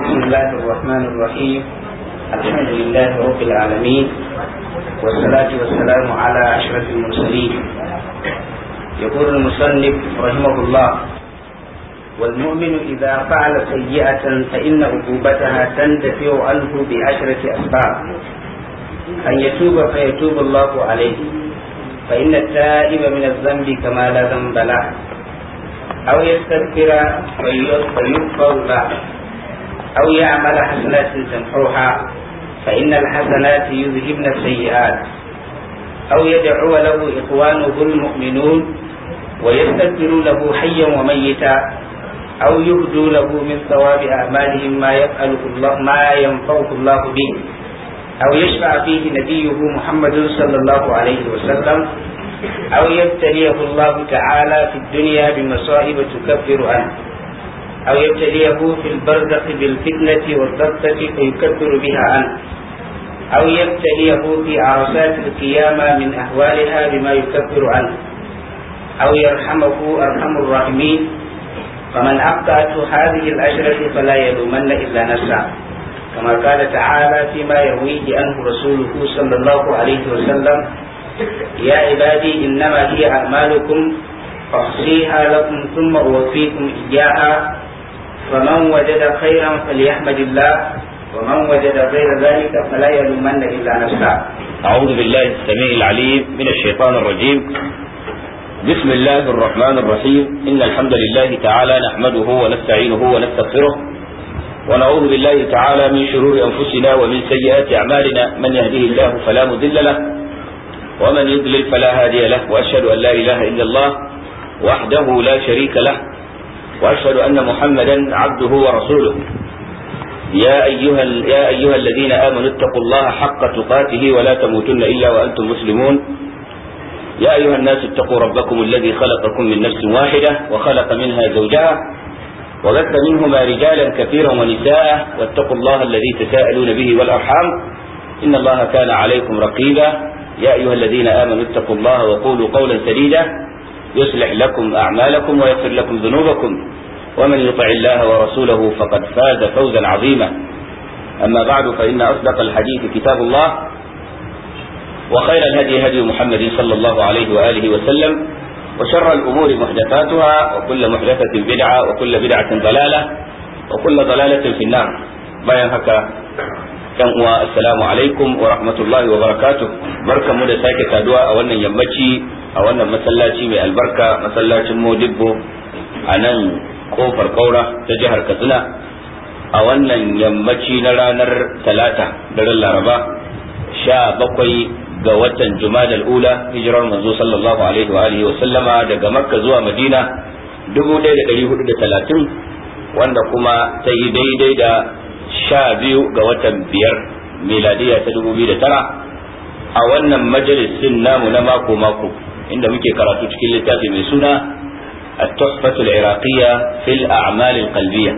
بسم الله الرحمن الرحيم الحمد لله رب العالمين والصلاة والسلام على أشرف المرسلين يقول المصنف رحمه الله والمؤمن إذا فعل سيئة فإن عقوبتها تندفع عنه بعشرة أسباب أن يتوب فيتوب الله عليه فإن التائب من الذنب كما لا ذنب له أو يستغفر فيغفر له أو يعمل حسنات تمحوها فإن الحسنات يذهبن السيئات أو يدعو له إخوانه المؤمنون ويستغفر له حيا وميتا أو يبدو له من ثواب أعمالهم ما يفعله الله ما ينفعه الله به أو يشفع فيه نبيه محمد صلى الله عليه وسلم أو يبتليه الله تعالى في الدنيا بمصائب تكفر عنه أو يبتليه في البرزخ بالفتنة والضغطة فيكفر بها عنه أو يبتليه في عرفات القيامة من أهوالها بما يكفر عنه أو يرحمه أرحم الراحمين فمن أبطأته هذه الأجرة فلا يلومن إلا نفسه كما قال تعالى فيما يرويه عنه رسوله صلى الله عليه وسلم يا عبادي إنما هي أعمالكم أحصيها لكم ثم أوفيكم إياها فمن وجد خيرا فليحمد الله ومن وجد غير ذلك فلا يلومن إلا نفسه أعوذ بالله السميع العليم من الشيطان الرجيم بسم الله الرحمن الرحيم إن الحمد لله تعالى نحمده ونستعينه ونستغفره ونعوذ بالله تعالى من شرور أنفسنا ومن سيئات أعمالنا من يهده الله فلا مضل له ومن يضلل فلا هادي له وأشهد أن لا إله إلا الله وحده لا شريك له واشهد ان محمدا عبده ورسوله يا ايها يا ايها الذين امنوا اتقوا الله حق تقاته ولا تموتن الا وانتم مسلمون يا ايها الناس اتقوا ربكم الذي خلقكم من نفس واحده وخلق منها زوجها وبث منهما رجالا كثيرا ونساء واتقوا الله الذي تساءلون به والارحام ان الله كان عليكم رقيبا يا ايها الذين امنوا اتقوا الله وقولوا قولا سديدا يصلح لكم أعمالكم ويغفر لكم ذنوبكم ومن يطع الله ورسوله فقد فاز فوزا عظيما أما بعد فإن أصدق الحديث كتاب الله وخير الهدي هدي محمد صلى الله عليه وآله وسلم وشر الأمور محدثاتها وكل محدثة بدعة وكل بدعة ضلالة وكل ضلالة في النار ما ينهك yan uwa assalamu alaikum wa rahmatullahi wa barakatuh barkamu da sake saduwa a wannan yammaci a wannan masallaci mai albarka masallacin modibbo a nan kofar kaura ta jihar katsina a wannan yammaci na ranar talata daren laraba sha bakwai ga watan jumada ula hijirar manzo sallallahu alaihi wa alihi wa sallama daga makka zuwa madina 1430 wanda kuma ta yi daidai da sha biyu ga watan biyar 5 miladiya ta tara a wannan majalisin namu na mako-mako inda muke karatu cikin littafi mai suna a tuhfatul iraqiyya fil a'mal qalbiyya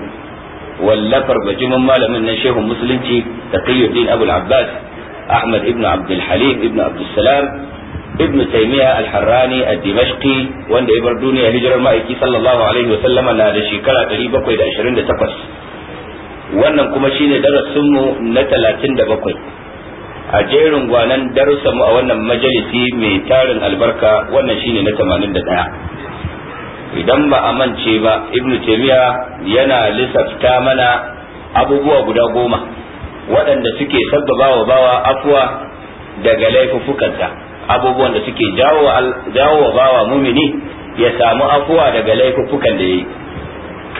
wallafar bajimin malamin na shehun musulunci taqiyuddin abul abbas احمد ابن عبد الحليم ابن عبد السلام ya تيميه الحراني الدمشقي وان ابر الدنيا هجر المائكي صلى الله عليه وسلم على شيكالا قريبه قيد 28 wannan kuma shine darasinmu na talatin da bakwai a jerin gwanan mu a wannan majalisi mai tarin albarka wannan shine na tamanin da ɗaya idan ba a mance ba ibnu taymiya yana lissafta mana abubuwa guda goma waɗanda suke sabbaba wa bawa afuwa daga laifuffukansa abubuwan da suke jawo wa bawa mumini ya samu afuwa daga laifuffukan da ya yi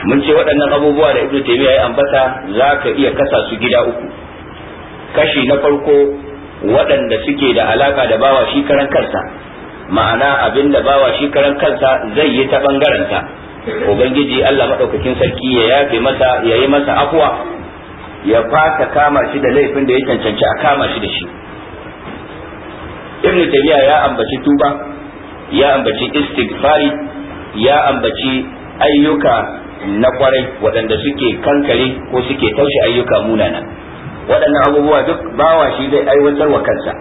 mun ce waɗannan abubuwa da ibnu taymiya ya ambata za ka iya kasa su gida uku kashi na farko waɗanda suke da alaka da bawa shi karan kansa ma'ana abin da bawa shi karan kansa zai yi ta bangarensa ubangiji Allah madaukakin sarki ya yafe masa ya yi masa afwa ya fata kama shi da laifin da ya cancanci a kama shi da shi ibnu taymiya ya ambaci tuba ya ambaci istighfari ya ambaci ayyuka na kwarai waɗanda suke kankare ko suke taushe ayyuka munana waɗannan abubuwa duk bawa shi zai aiwatar wa kansa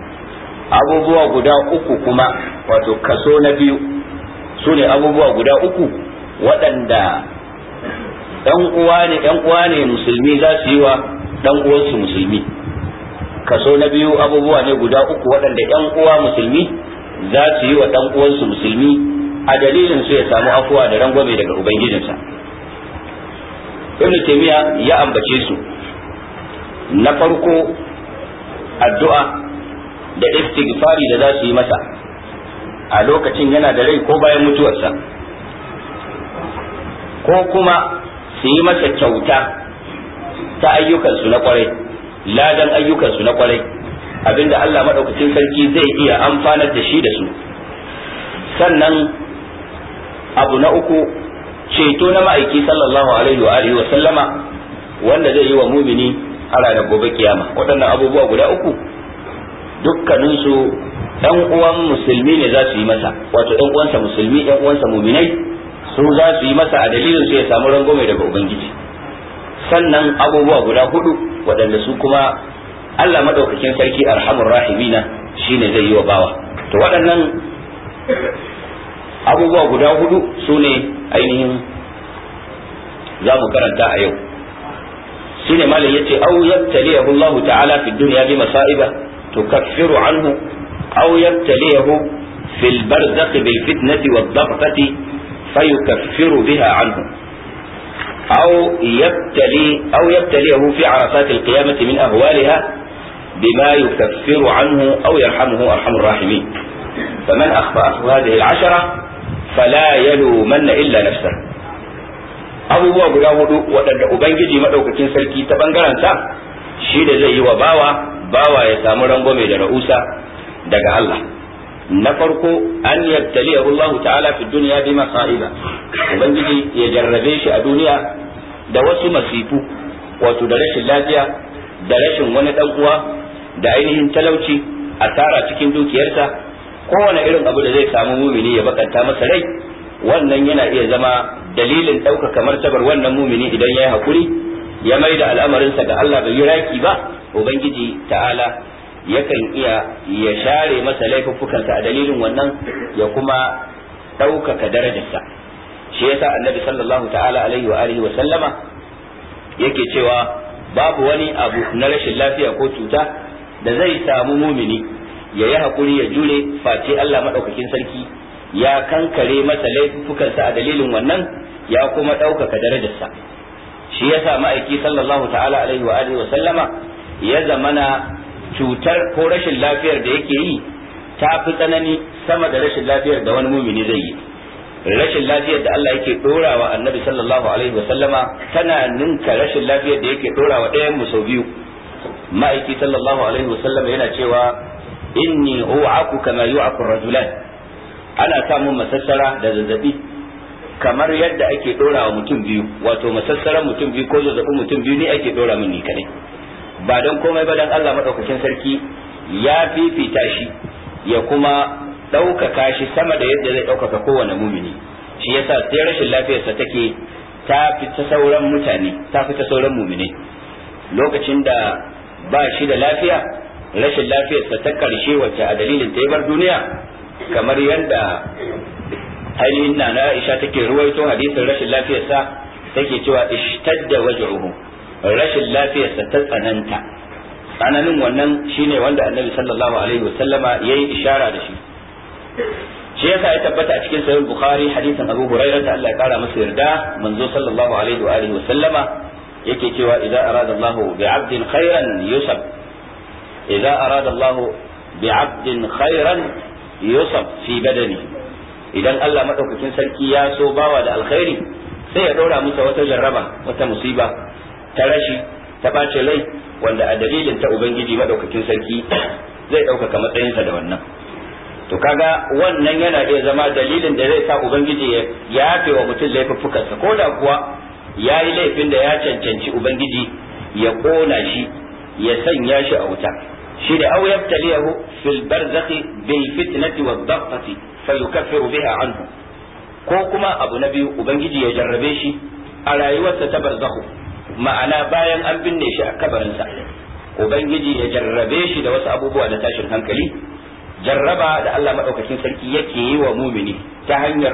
abubuwa guda uku kuma wato kaso na biyu su ne abubuwa guda uku waɗanda ɗan uwa ne ɗan uwa ne musulmi za su yi wa ɗan uwansu musulmi kaso na biyu abubuwa ne guda uku waɗanda ɗan uwa musulmi za su yi wa ɗan uwansu musulmi a dalilin su ya samu afuwa da rangwame daga ubangijinsa ibn taymiya ya ambace su na farko addu'a da istighfari da za su yi masa a lokacin yana da rai ko bayan mutuwarsa ko kuma su yi masa kyauta ta ayyukansu na kwarai ladan ayyukansu na kwarai abinda Allah maɗaukacin sarki zai iya amfanar da shi da su sannan abu na uku ceto na ma'aiki sallallahu alaihi wa alihi wa sallama wanda zai yi wa mumini a ranar gobe kiyama waɗannan abubuwa guda uku dukkaninsu ɗan uwan musulmi ne za su yi masa wato ɗan uwansa musulmi ɗan uwansa muminai su za su yi masa a dalilin su ya samu rangume daga ubangiji sannan abubuwa guda hudu waɗanda su kuma Allah madaukakin sarki arhamur rahimina shine zai yi wa bawa to waɗannan abubuwa guda hudu su ne ainihin za mu karanta a yau shi ne malin ya ce au yabtaliyahu Allah ta'ala fi dunya bi masa'iba tukaffiru anhu au yabtaliyahu fi al-barzakh bil fitnati wad dhaqati fayukaffiru biha anhu أو يبتلي أو يبتليه في عرفات القيامة من أهوالها بما يكفر عنه أو يرحمه أرحم الراحمين فمن أخطأته هذه العشرة fala yalumanna illa nafsa abubuwa guda hudu waɗanda ubangiji madaukakin sarki ta bangaren sa shi da zai yi wa bawa bawa ya samu rangwame da ra'usa daga Allah na farko an yabtali Allah ta'ala fi duniya bi masa'iba ubangiji ya jarrabe shi a duniya da wasu masifu wato da rashin lafiya da rashin wani dan uwa da ainihin talauci a asara cikin dukiyarsa kowane irin abu da zai samu mumini ya bakanta masa rai wannan yana iya zama dalilin ɗaukaka martabar wannan mumini idan ya yi haƙuri ya mai da al'amarinsa ga Allah bai yi raki ba ubangiji ta'ala yakan iya ya share masa laifuffukansa a dalilin wannan ya kuma ɗaukaka darajarsa shi yasa annabi sallallahu ta'ala alaihi wa alihi wa sallama yake cewa babu wani abu na rashin lafiya ko cuta da zai samu mumini ya yi hakuri ya jure face Allah madaukakin sarki ya kankare masa laifukansa a dalilin wannan ya kuma ɗaukaka darajarsa shi yasa ma'aiki sallallahu ta'ala alaihi wa alihi wa sallama ya zamana cutar ko rashin lafiyar da yake yi ta fi tsanani sama da rashin lafiyar da wani mumini zai yi rashin lafiyar da Allah yake dorawa annabi sallallahu alaihi wa sallama tana ninka rashin lafiyar da yake dorawa ɗayan mu sau biyu ma'aiki sallallahu alaihi wa sallama yana cewa inni u'aku kama yu'aku rajulan ana samun masassara da zazzabi kamar yadda ake dora wa mutum biyu wato masassaran mutum biyu ko zazzabin mutum biyu ne ake dora min ni kadai ba dan komai ba dan Allah madaukakin sarki ya fifita shi ya kuma ɗaukaka shi sama da yadda zai ɗaukaka kowane mumini shi yasa sai rashin lafiyarsa take ta fita sauran mutane ta fita sauran mumini lokacin da ba shi da lafiya rashin lafiyarsa ta karshe wacce a dalilin ta bar duniya kamar yadda ainihin na na Aisha take ruwaito hadisin rashin lafiyarsa take cewa ishtadda waj'uhu rashin lafiyarsa ta tsananta tsananin wannan shine wanda annabi sallallahu alaihi wasallama yayi ishara da shi shi yasa ya tabbata a cikin sahih bukhari hadisin abu hurairah da Allah ya kara masa yarda manzo sallallahu alaihi wa alihi wasallama yake cewa idza arada Allah bi 'abdin khairan yusab إذا أراد الله بعبد خيرا khairan في fi إذا idan Allah madaukakin sarki ya so bawa da alkhairi sai ya daura masa wata jarraba wata musiba ta rashi ta bace rai wanda a dalilin ta to kaga wannan yana iya zama dalilin da zai sa ubangiji ya yafe wa mutum laifuffukansa ko da kuwa ya laifin da ya cancanci ubangiji ya kona shi ya sanya shi a wuta shi da au yabtaliyahu fil barzakhi bil fitnati wad daqati fayukaffiru biha anhu ko kuma abu na biyu ubangiji ya jarrabe shi a rayuwarsa ta barzakhu ma'ana bayan an binne shi a kabarinsa ubangiji ya jarrabe shi da wasu abubuwa da tashin hankali jarraba da Allah Maɗaukacin sarki yake yi wa mumini ta hanyar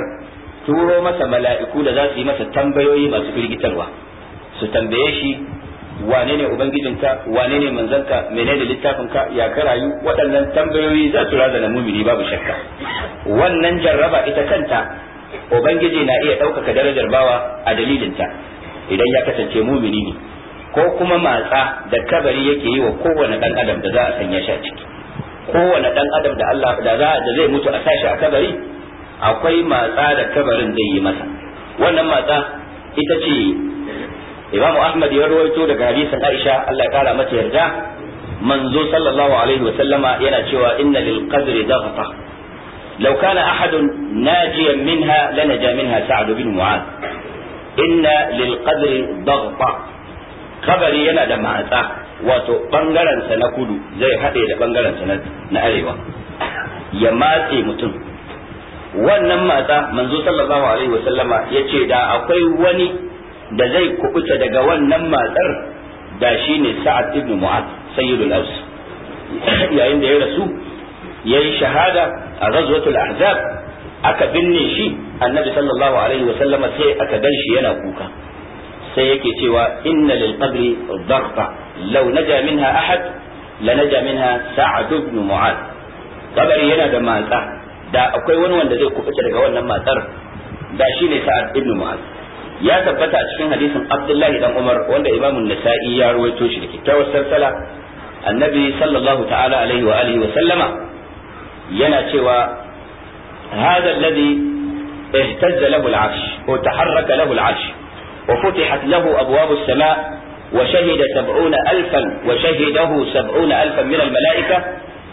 turo masa mala'iku da za su yi masa tambayoyi masu firgitarwa su tambaye shi wane ne ubangijinka wane ne manzanka littafin littafinka ya ka rayu waɗannan tambayoyi za su razana mumini babu shakka wannan jarraba ita kanta ubangiji na iya ɗaukaka darajar bawa a dalilinta idan ya kasance mumini ne ko kuma matsa da kabari yake yi wa kowane ɗan adam da za a sanya shi a ciki kowane ɗan adam da Allah da za da zai mutu a sashi a kabari akwai matsa da kabarin zai yi masa wannan matsa ita ce imam ahmad ya rawaito daga hadisin aisha Allah ya kara mata yarda yana cewa inna lil qadri daghta law kana ahadun najiyan minha lanaja minha sa'd bin mu'adh inna lil qadri daghta kabari yana da matsa wato bangaren sa na kudu zai hade da bangaren sa na arewa ya matse mutum wannan matsa manzo sallallahu yace da akwai wani da zai kubuta daga wannan matsar da shi ne sa'ad ibn mu'ad sayyidul aus yayin da ya rasu ya yi shahada a ghazwatul ahzab aka binne shi annabi sallallahu alaihi wa sallama sai aka ganshi yana kuka sai yake cewa inna lil qabri dhaghta law naja minha ahad la naja minha sa'ad ibn mu'ad kabari yana da matsa da akwai wani wanda zai kubuta daga wannan matsar da shi ne sa'ad ibn mu'ad ya tabbata a cikin hadisin Abdullahi dan Umar wanda Imam An-Nasa'i ya ruwaito shi da kyakkyawar sarsala annabi sallallahu ta'ala alaihi wa alihi wa sallama yana cewa hada alladhi ihtajja lahu wa هذا الذي اهتز wa futihat lahu له as-sama' wa shahida السماء alfan wa shahidahu sab'una alfan min al-mala'ika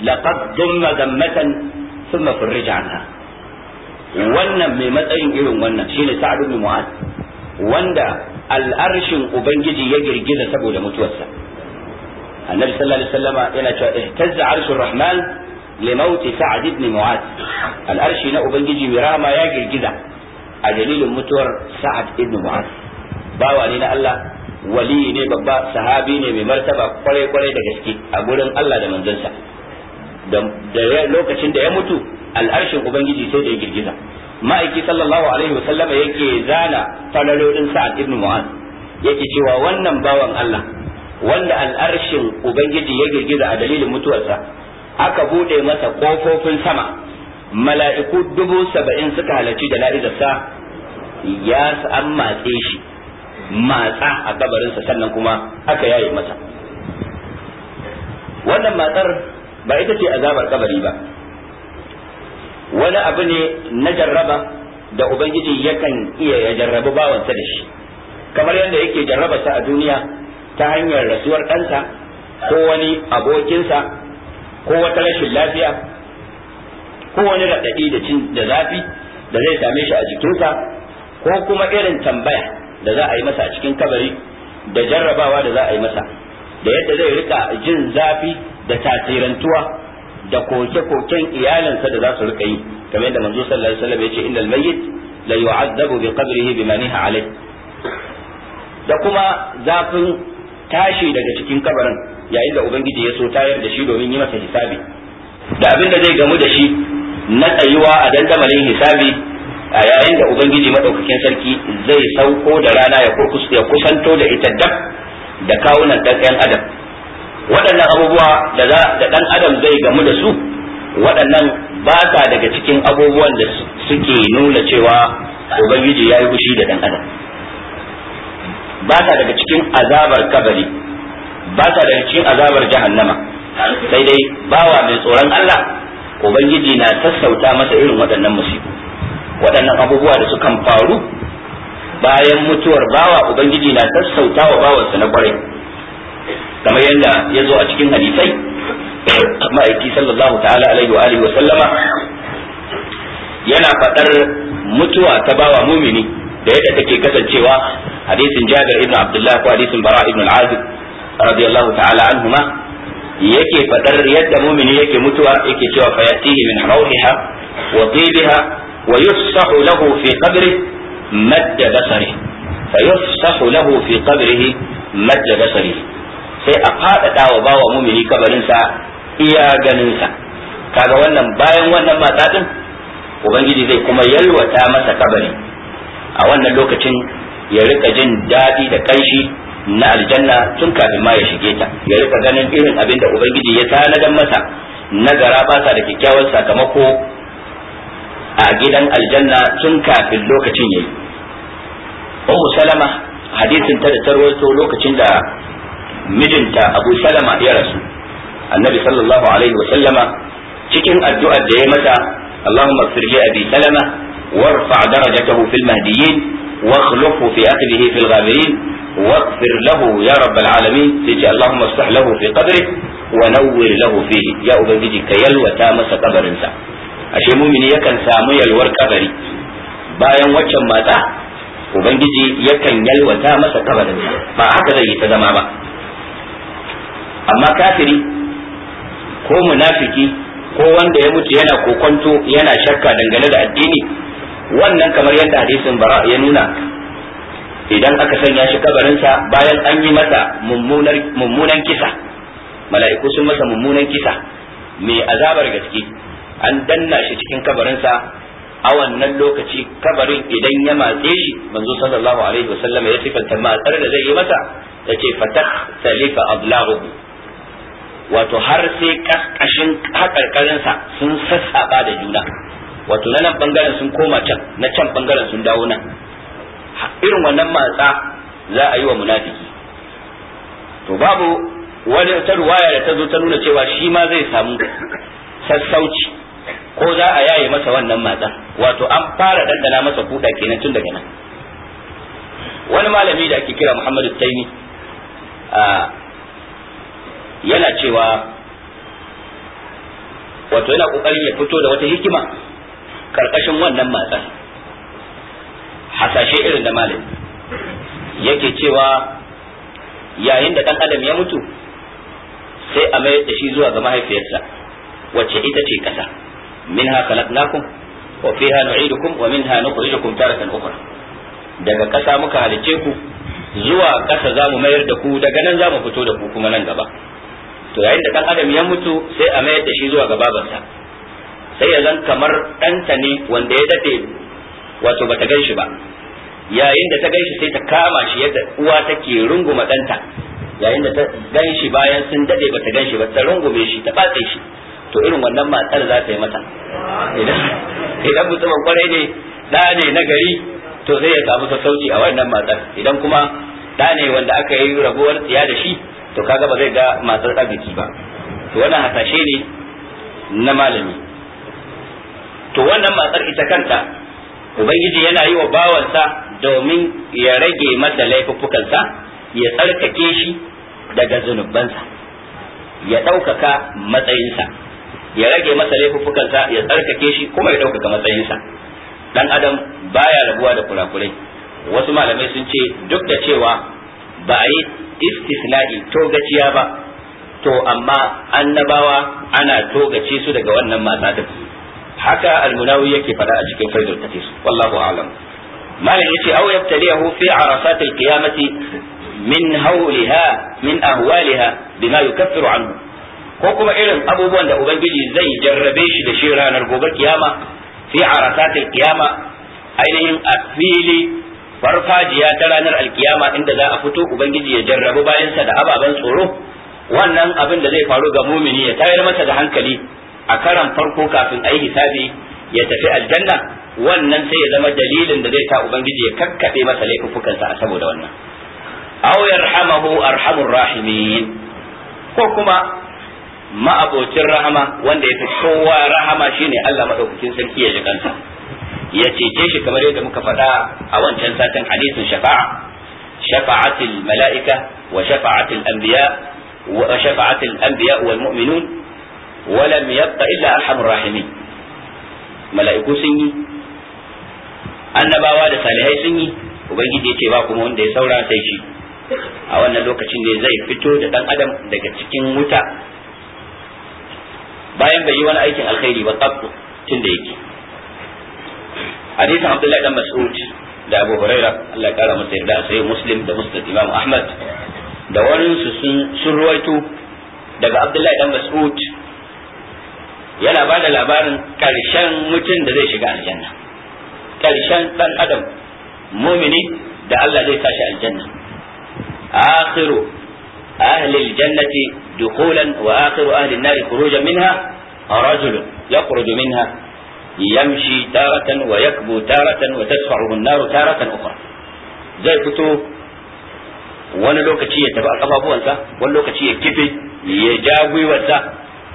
laqad ضم ذمة thumma فرج anha wannan mai matsayin irin wannan shine sa'ad ibn mu'adh wanda al'arshin ubangiji ya girgiza saboda mutuwarsa annabi sallallahu alaihi wasallama yana cewa ihtazza arshur rahman li Sa'ad ibn Mu'ad, al'arshi na ubangiji mai ya girgiza a dalilin mutuwar sa'ad ibn Mu'ad. bawa ne na Allah wali ne babba sahabi ne mai martaba kwarai kwarai da gaske a gurin Allah da manzansa da lokacin da ya mutu al'arshin ubangiji sai da ya girgiza ma'aiki sallallahu alaihi wasallam yake zana falalolin sa'ad ibn mu'az yake cewa wannan bawan Allah wanda al'arshin ubangiji ya girgiza a dalilin mutuwarsa aka bude masa kofofin sama mala'iku dubu saba'in suka halarci da la'izarsa ya an matse shi matsa a kabarinsa sannan kuma aka yaye masa wannan matsar ba ita ce azabar kabari ba wani abu ne na jarraba da ubangiji yakan iya ya jarrabu bawansa da shi kamar yadda yake jarraba ta a duniya ta hanyar rasuwar ɗansa ko wani abokinsa ko wata rashin lafiya ko wani raɗaɗi da cin da zafi da zai same shi a jikinsa ko kuma irin tambaya da za a yi masa a cikin kabari da jarrabawa da za a yi masa da yadda zai rika jin zafi da tasirantuwa da koke-koken iyalinsa da za su rika yi kamar yadda manzo sallallahu alaihi wasallam yace innal mayyit la yu'adzabu bi qabrihi bima niha alayh da kuma zafin tashi daga cikin kabarin yayin da ubangiji ya so tayar da shi domin yi masa hisabi da abin da zai gamu da shi na tsayuwa a dandamalin hisabi a yayin da ubangiji madaukakin sarki zai sauko da rana ya kusanto da ita dab da kawunan ɗan adam waɗannan abubuwa da ɗan adam zai gamu da su waɗannan ba sa daga cikin abubuwan da suke nuna cewa ubangiji ya yi fushi da ɗan adam ba sa daga cikin azabar kabari ba sa daga cikin azabar jahannama sai dai bawa mai tsoron Allah ubangiji na sassauta masa irin waɗannan musibu waɗannan abubuwa da sukan faru bayan mutuwar bawa ubangiji na sassauta wa bawansa na kwarai kamar yadda ya zo a cikin hadisai ma'aiki sallallahu ta'ala alaihi wa alihi wa sallama yana faɗar mutuwa ta bawa mumini da yadda take kasancewa hadisin Jabir ibn Abdullah ko hadisin Bara ibn al-Azib radiyallahu ta'ala anhuma yake faɗar yadda mumini yake mutuwa yake cewa fayatihi min rawhiha wa tibiha wa yufsahu lahu fi qabri madda basarihi فيفسح lahu fi qabrihi madda basari sai a faɗaɗa wa bawa mumini kabarinsa iya ganinsa kaga wannan bayan wannan ɗin ubangiji zai kuma yalwata masa kabari a wannan lokacin ya rika jin daɗi da kanshi na aljanna tun kafin ma ya shige ta ya rika ganin irin abin da ubangiji ya tanadar masa nagara gara sa da kyakkyawan sakamako a gidan aljanna tun kafin lokacin yayi Ummu Salama hadisin ta da tarwato lokacin da mijinta abu salama ya rasu annabi sallallahu alaihi wa sallama cikin addu'ar da ya mata اللهم اغفر لأبي سلمة وارفع درجته في المهديين واخلفه في أخذه في الغابرين واغفر له يا رب العالمين تجي اللهم اصلح له في قبره ونور له فيه يا أبنجي كيل وتامس قبر ashe mumini yakan samu yalwar kabari bayan waccan mata ubangiji yakan yalwata masa kabarin ba haka zai yi ta zama ba amma kafiri ko munafiki ko wanda ya mutu yana kokonto yana shakka dangane da addini wannan kamar yadda hadisin bara ya nuna idan aka sanya shi kabarinsa bayan an yi masa mummunan kisa mala'iku sun masa mummunan kisa mai azabar gaske an danna shi cikin kabarinsa a wannan lokaci kabarin idan ya matse shi manzo sallallahu alaihi wasallam ya sifanta matsar da zai yi masa ce fatah salifa ablahu wato har sai kaskashin haƙarƙarinsa sun sassaba da juna wato na nan bangaren sun koma can na can bangaren sun dawo nan irin wannan matsa za a yi wa munafiki to babu wani ta ruwaya da ta zo ta nuna cewa shi ma zai samu sassauci ko za a yaye masa wannan matsa wato an fara dandana masa kuda kenan tun daga nan wani malami da ake kira Muhammadu Taimi a yana cewa wato yana kokarin ya fito da wata hikima karkashin wannan matsan hasashe irin da malami yake cewa yayin da dan adam ya mutu sai a mayar da shi zuwa ga mahaifiyarsa wacce ita ce kasa minha khalaqnakum wa fiha nu'idukum wa minha nukhrijukum taratan ukhra daga kasa muka halice ku zuwa kasa zamu mayar da ku daga nan zamu fito da ku kuma nan gaba to yayin da dan adam ya mutu sai a mayar da shi zuwa ga babansa sai ya zan kamar ɗanta ne wanda ya dade wato bata gan shi ba yayin da ta gan sai ta kama shi yadda uwa take runguma ɗanta yayin da ta gan bayan sun dade bata gan shi ba ta rungume shi ta batse shi to irin wannan matar za ta yi mata idan mutumin kwarai ne da ne na gari to zai ya samu sassauci a wannan matar idan kuma da ne wanda aka yi rabuwar tsiya da shi to kaga ba zai ga matar arziki ba to wannan hasashe ne na malami to wannan matar ita kanta ubangiji yana yi wa bawansa domin ya rage masa laifuffukansa ya tsarkake shi daga zunubansa ya ɗaukaka matsayinsa ya rage masa laifuffukansa ya tsarkake shi kuma ya ɗaukaka matsayinsa dan adam baya rabuwa da kurakurai wasu malamai sun ce duk da cewa ba a yi istisna'i togaciya ba to amma annabawa ana togace su daga wannan mata din haka almunawi yake fada a cikin faidar tafsir wallahu a'lam malam yace aw yabtaliyahu fi arafat alqiyamati min hawliha min ahwaliha bima yukaffiru anhu ko kuma irin abubuwan da ubangiji zai jarrabe shi da shi ranar gobe kiyama fi arafat alqiyama ainihin a farfajiya ta ranar alkiyama inda za a fito ubangiji ya jarrabu bayansa da ababen tsoro wannan abin da zai faru ga mumini ya tayar masa da hankali a karan farko kafin a yi hisabi ya tafi aljanna wannan sai ya zama dalilin da zai ta ubangiji ya kakkaɓe masa laifuffukansa a saboda wannan aw yarhamahu arhamur rahimin ko kuma ma'abocin rahama wanda ya fi kowa rahama shine Allah madaukakin sarki ya ji kansa ya cece shi kamar yadda muka faɗa a wancan satin hadisin shafa'a shafa'atul mala'ika wa shafa'atul anbiya wa shafa'atul anbiya wal mu'minun wa lam yabqa illa arhamur rahimin mala'iku sun yi annabawa da salihai sun yi ubangiji ya ce ba kuma wanda ya saura sai shi a wannan lokacin ne zai fito da dan adam daga cikin wuta bayan bai yi wani aikin alkhairi ba tsabtu tun da yake hadisin abdullahi dan بن da abu huraira Allah ya kara masa yarda sai muslim da musnad imam ahmad da wani sun ruwaito daga abdullahi dan yana ba da labarin ƙarshen mutum da zai shiga aljanna Ƙarshen ɗan adam mumini da Allah zai tashi aljanna akhiru ahli aljannati dukhulan wa akhiru ahli an-nar khurujan minha rajulun yakhruju minha yamshi taratan wa yakbu taratan wa tasfa'uhu an-nar taratan ukhra zai fito wani lokaci ya tafi a ƙafafuwansa, wani lokaci ya kife ya ja gwiwarsa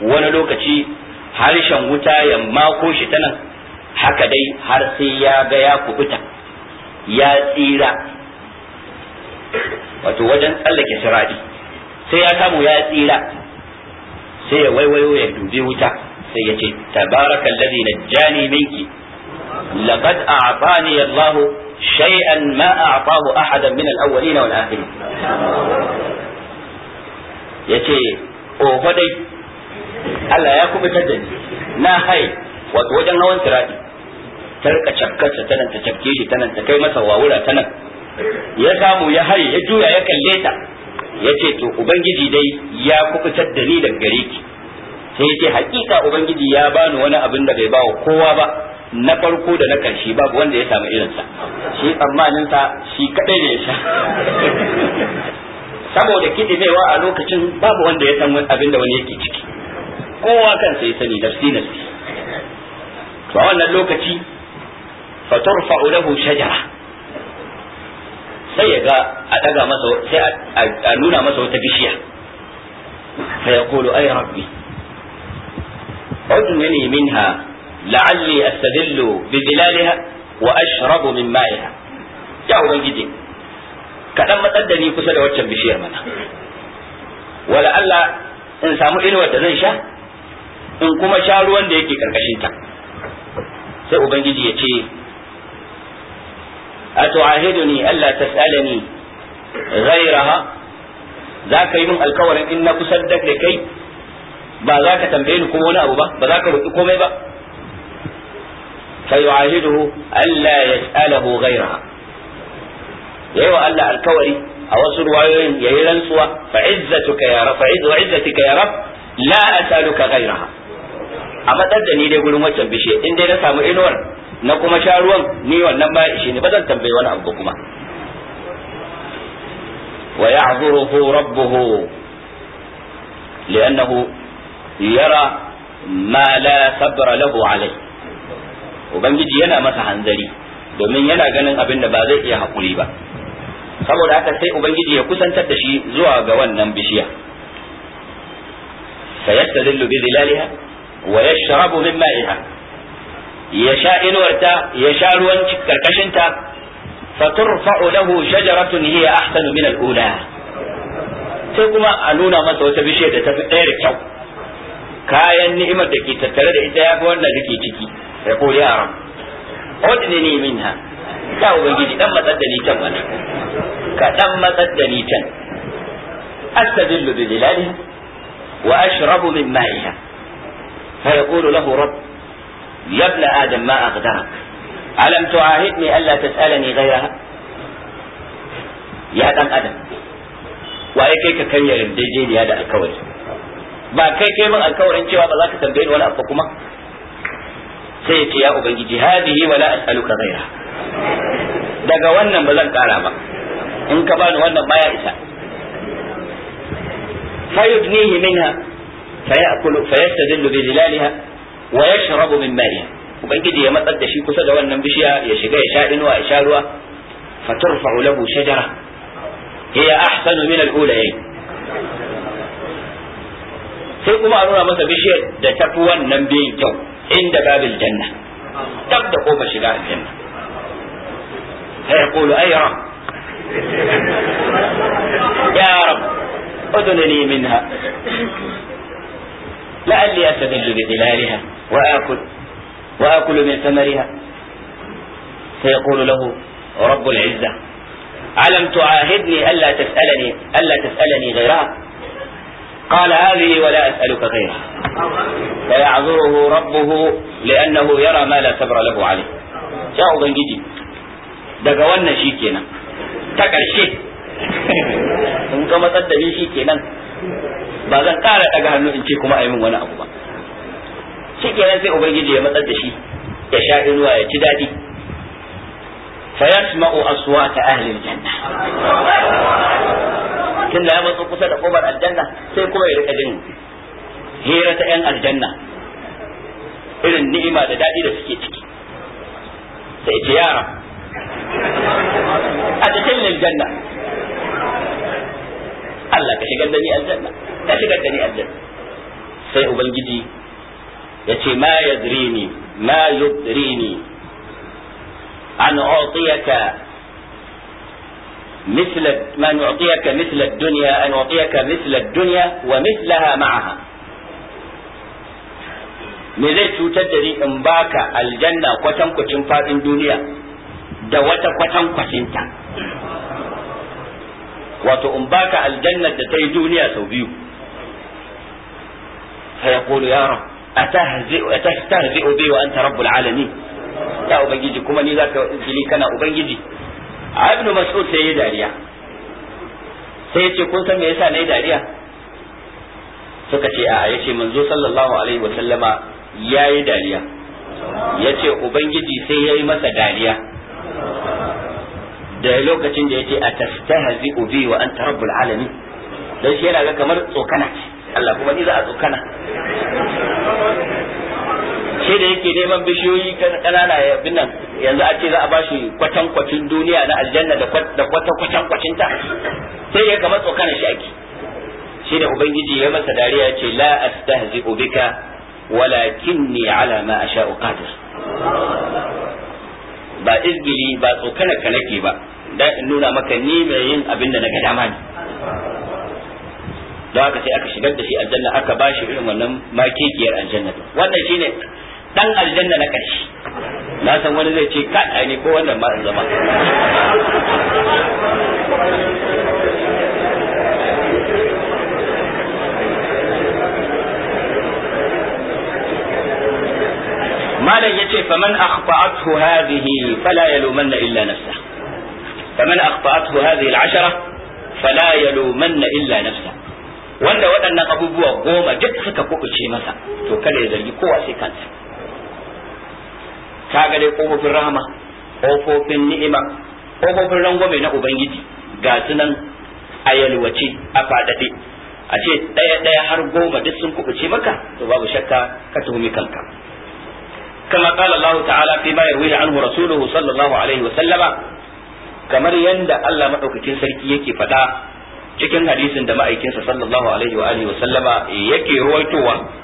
wani lokaci harshen wuta ya mako shi ta nan haka dai har sai ya ga ya kubuta ya tsira wato wajen tsallake sirari sai ya samu ya tsira sai ya waiwayo ya dubi wuta sai ya ce tabaraka tabarakal ladhi najjani minki laqad a'tani Allah shay'an ma a'tahu ahadan min al-awwalin wal akhirin yace oho dai Allah ya kubutar da ni na hai wato wajen hawan sirati ta rika cakkarsa ta nan ta cakke shi ta nan ta kai masa wawura ta nan ya samu ya hai ya juya ya kalle ta yace to ubangiji dai ya kubutar da ni daga gare ki sai yake hakika ubangiji ya bani wani abin da bai ba wa kowa ba na farko da na karshe babu wanda ya samu irinsa shi tsammanin sa shi kadai ne sha saboda kidimewa a lokacin babu wanda ya san abin da wani yake ciki kowa kan sai sani nafsi nafsi to a wannan lokaci turfa lahu shajara sai ya ga a daga masa sai a nuna masa wata bishiya fa yaqulu ay rabbi عد مني منها لعلي أستدل بظلالها وأشرب من مائها يا Ubangiji kadan matsar da ni kusa da waccan bishiyar mana wala Allah in samu inuwar da zan sha in kuma sha ruwan da yake karkashin ta sai ubangiji ya ce a tu'ahiduni Allah tas'alani ghairaha za ka yi min alkawarin in na kusa da kai ba za ka tambaye ni kuma wani abu ba ba za ka roƙi komai ba fa yu'ahiduhu alla yas'alahu ghayraha yayi wa Allah alkawari a wasu ruwayoyin ya yi rantsuwa fa ka ya rab fa izzatika ya rab la as'aluka ghayraha a matsar da ni dai gurin waccan bishe in dai na samu inuwar na kuma sha ruwan ni wannan ba ishe ne ba zan tambayi wani abu kuma wa ya ya'zuruhu rabbuhu li'annahu yara ma la sabra alai ubangiji yana masa hanzari domin yana ganin abin da ba zai iya hakuri ba saboda haka sai ubangiji ya kusantar da shi zuwa ga wannan bishiya fayastadillu bi zilaliha wa yashrabu min ma'iha ya sha inuwarta ya sha ruwan karkashinta faturfa'u lahu shajaratun hiya ahsanu min al-ula sai kuma a nuna masa wata bishiyar da ta fi ɗaya da kyau kayan ni'imar da ke tattare da ita ya fi wanda da ke ciki ya ko ya haram odini ne min ha ya ubangiji dan matsar da ni can wannan ka dan matsar da ni can astadillu bi dilali wa ashrabu min ma'iha fa yaqulu lahu rabb ya ibn adam ma aghdarak alam tu'ahidni alla tas'alani ghayraha ya dan adam waye kai ka kanyar yarjejeniya da alkawari ba kai kai min alkawarin cewa ba za ka tambaye ni wani abu kuma sai ya ce ya ubangiji hadihi wala as'aluka ghaira daga wannan ba zan kara ba in ka bani wannan baya isa fayudnihi minha fayakulu fayastadillu bi zilaliha wa yashrabu min ma'iha ubangiji ya matsar da shi kusa da wannan bishiya ya shiga ya sha inuwa ya sha ruwa faturfa'u lahu shajara hiya ahsanu min al-ulayayn sai kuma a nuna masa bishiyar da ta fi wannan biyan kyau inda babil janna tab da koma shiga aljanna fa yaqulu ay rab ya rab udnini minha la'alli atadallu bi dhilaliha wa akul wa akul min thamariha فيقول lahu rabbul izza alam tu'ahidni alla tas'alani alla tas'alani غيرها قال هذه ولا أسألك غيرها فيعذره ربه لأنه يرى ما لا صبر له عليه شاء ubangiji daga wannan shi kenan ta ƙarshe in ka matsar da shi kenan ba zan ƙara daga hannu in ce kuma a yi min wani abu ba shi kenan sai ubangiji ya matsar da shi ya sha inuwa ya ci daɗi فيسمع أصوات ahalin الجنة Tun da ya matsu kusa da kobar aljanna sai kuma ya rika jin hira ta yan aljanna irin ni'ima da daɗi da suke ciki sai ce yara a cikin aljanna Allah ka shigar da ni aljanna ka shigar da ni aljanna sai ubangiji ya ce ma yadrini ma yudrini an utiyaka مثل ما نعطيك مثل الدنيا أن أعطيك مثل الدنيا ومثلها معها me zai cutar da ni in baka aljanna kwatankwacin fadin duniya da wata kwatankwacinta wato in baka aljannar da ta yi duniya sau biyu فيقول يا رب أتهزئ, أتهزئ بي وأنت رب العالمين يا أبنجي كما نذاك جلي كان أبنجي a ibn mas'ud sai ya dariya sai ya ce kun san me yasa nayi dariya suka ce a ya ce manzo sallallahu alaihi wa sallama yayi dariya ya ce ubangiji sai yayi masa dariya da lokacin da ya ce a tastahzi bi wa anta rabbul alamin dan shi yana ga kamar tsokana Allah kuma ni za a tsokana ke da yake neman bishiyoyi kanana ya bin nan yanzu a ce za a bashi kwatan kwacin duniya na aljanna da kwatan kwacin ta sai ya kamar tsokan shi ake shi da ubangiji ya masa dariya ce la astahzi'u bika walakinni ala ma asha'u qadir ba izgili ba tsokana ka nake ba dan in nuna maka ni mai yin abin da na ga dama ne don haka sai aka shigar da shi aljanna aka ba shi irin wannan makekiyar aljanna wannan shine dan aljanna na ƙarshe na san wani zai ce ka ne ko wannan ma in zama malam yace faman akhfa'athu hadhihi fala yalumanna illa nafsa faman akhfa'athu hadhihi al'ashara fala yalumanna illa nafsa wanda waɗannan abubuwa goma duk suka kubuce masa to kada ya zargi kowa sai kansa kaga dai kofofin rahama kofofin ni'ima kofofin rangwame na ubangiji ga sunan a yalwace a fadade a ce ɗaya ɗaya har goma duk sun kubuce maka to babu shakka ka tuhumi kanka kama qala Allah ta'ala fi ma yarwi anhu rasuluhu sallallahu alaihi wa sallama kamar yanda Allah madaukakin sarki yake faɗa cikin hadisin da ma'aikinsa sallallahu alaihi wa alihi wa sallama yake ruwaitowa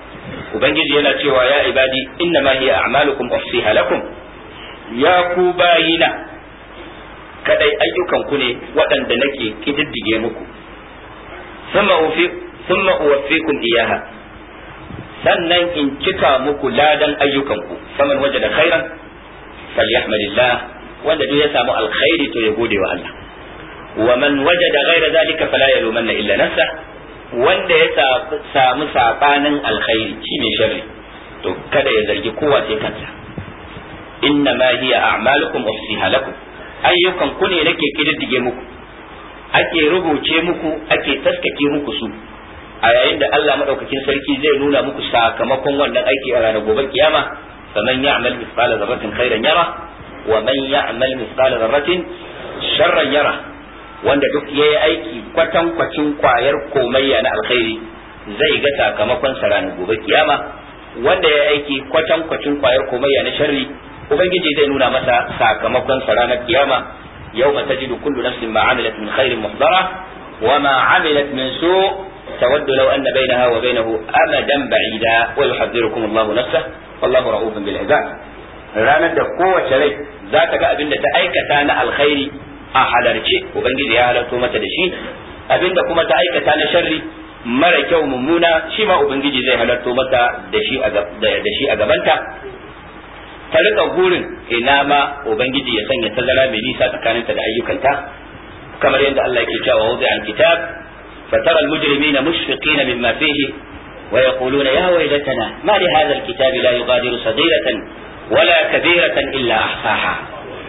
ubangiji yana cewa ya ibadi inna ma hiya a'malukum ufsiha lakum ya ku bayina kadai ayyukan ku ne waɗanda nake kididdige muku thumma ufi thumma uwaffikum iyaha sannan in cika muku ladan ayyukan ku faman wajada khairan falyahmadillah wanda duk ya samu alkhairi to ya gode wa Allah wa man wajada ghaira zalika fala yalumanna illa nafsahu wanda ya samu sabanin alkhairi ne sharri to kada ya zargi kowa sai kansa inna ma hiya a'malukum ufsiha lakum ayyukan ku ne nake kididdige muku ake rubuce muku ake taskake muku su a yayin da Allah madaukakin sarki zai nuna muku sakamakon wannan aiki a ranar gobe kiyama faman ya'mal mithqala dharratin khairan yara wa man ya'mal mithqala dharratin sharran yara wanda duk ya yi aiki kwatankwacin kwayar komayya na alkhairi zai ga sakamakon sa ranar gobe kiyama wanda ya yi aiki kwatankwacin kwayar komayya na sharri ubangiji zai nuna masa sakamakon sa ranar kiyama yawma tajidu kullu nafsin ma amilat min khairin muhdara wa ma amilat min su tawaddu law anna bainaha wa bainahu amadan ba'ida wa yuhadhdhirukum Allahu nafsahu wallahu ra'ufun bil 'ibad ranar da kowace rai za ta ga abin da ta aikata na alkhairi a halarce ubangiji ya halarto mata da shi abinda kuma ta aikata na sharri mara kyau mummuna shi ma ubangiji zai halarto mata da shi a gabanta ta rika gurin ina ma ubangiji ya sanya tazara mai nisa tsakaninta da ayyukanta kamar yadda Allah yake cewa wuzi an kitab فترى المجرمين مشفقين مما فيه ويقولون يا ويلتنا ما لهذا الكتاب لا يغادر صغيرة ولا كبيرة إلا أحصاها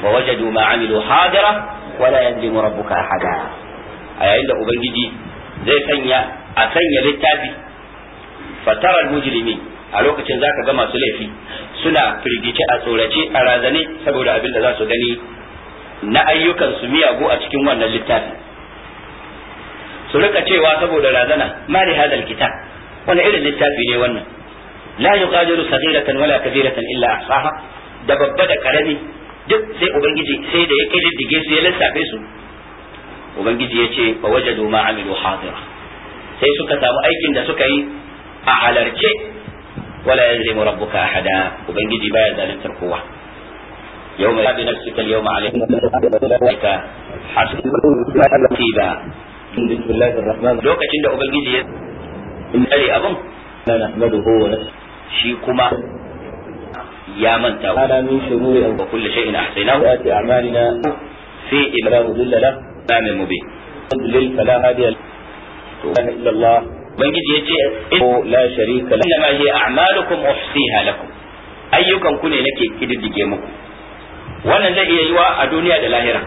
ووجدوا ما عملوا حاضرة wala yazlimu rabbuka ahada a yayin da ubangiji zai sanya a sanya littafi fatara almujrimin a lokacin zaka ga masu laifi suna firgice a tsorace a razane saboda abin da za su gani na ayyukan su miyagu a cikin wannan littafi su rika cewa saboda razana ma li hadal kitab wani irin littafi ne wannan la yuqadiru saghiratan wala kabiratan illa ahsaha da babba da karami duk sai ubangiji sai da ya kididdige su ya lissafe su ubangiji ya ce ba wajadu ma amilu hadira sai suka samu aikin da suka yi a halarce wala ya yazlimu rabbuka hada ubangiji baya zaluntar kowa يوم يحب نفسك اليوم عليك حسب تيبا بسم الله الرحمن الرحيم لوكacin da ubangiji ya in tsare abun na nahmaduhu wa shi kuma ya manta wa ala min shururi wa kullu shay'in ahsaynahu wa ati a'malina fi ibra mudilla la tamil mubin lil fala hadiya to la illa allah bangiji yace la sharika la inma hiya a'malukum uhsiha lakum ayyukan ku ne nake kididdige muku wannan zai iya yiwa a duniya da lahira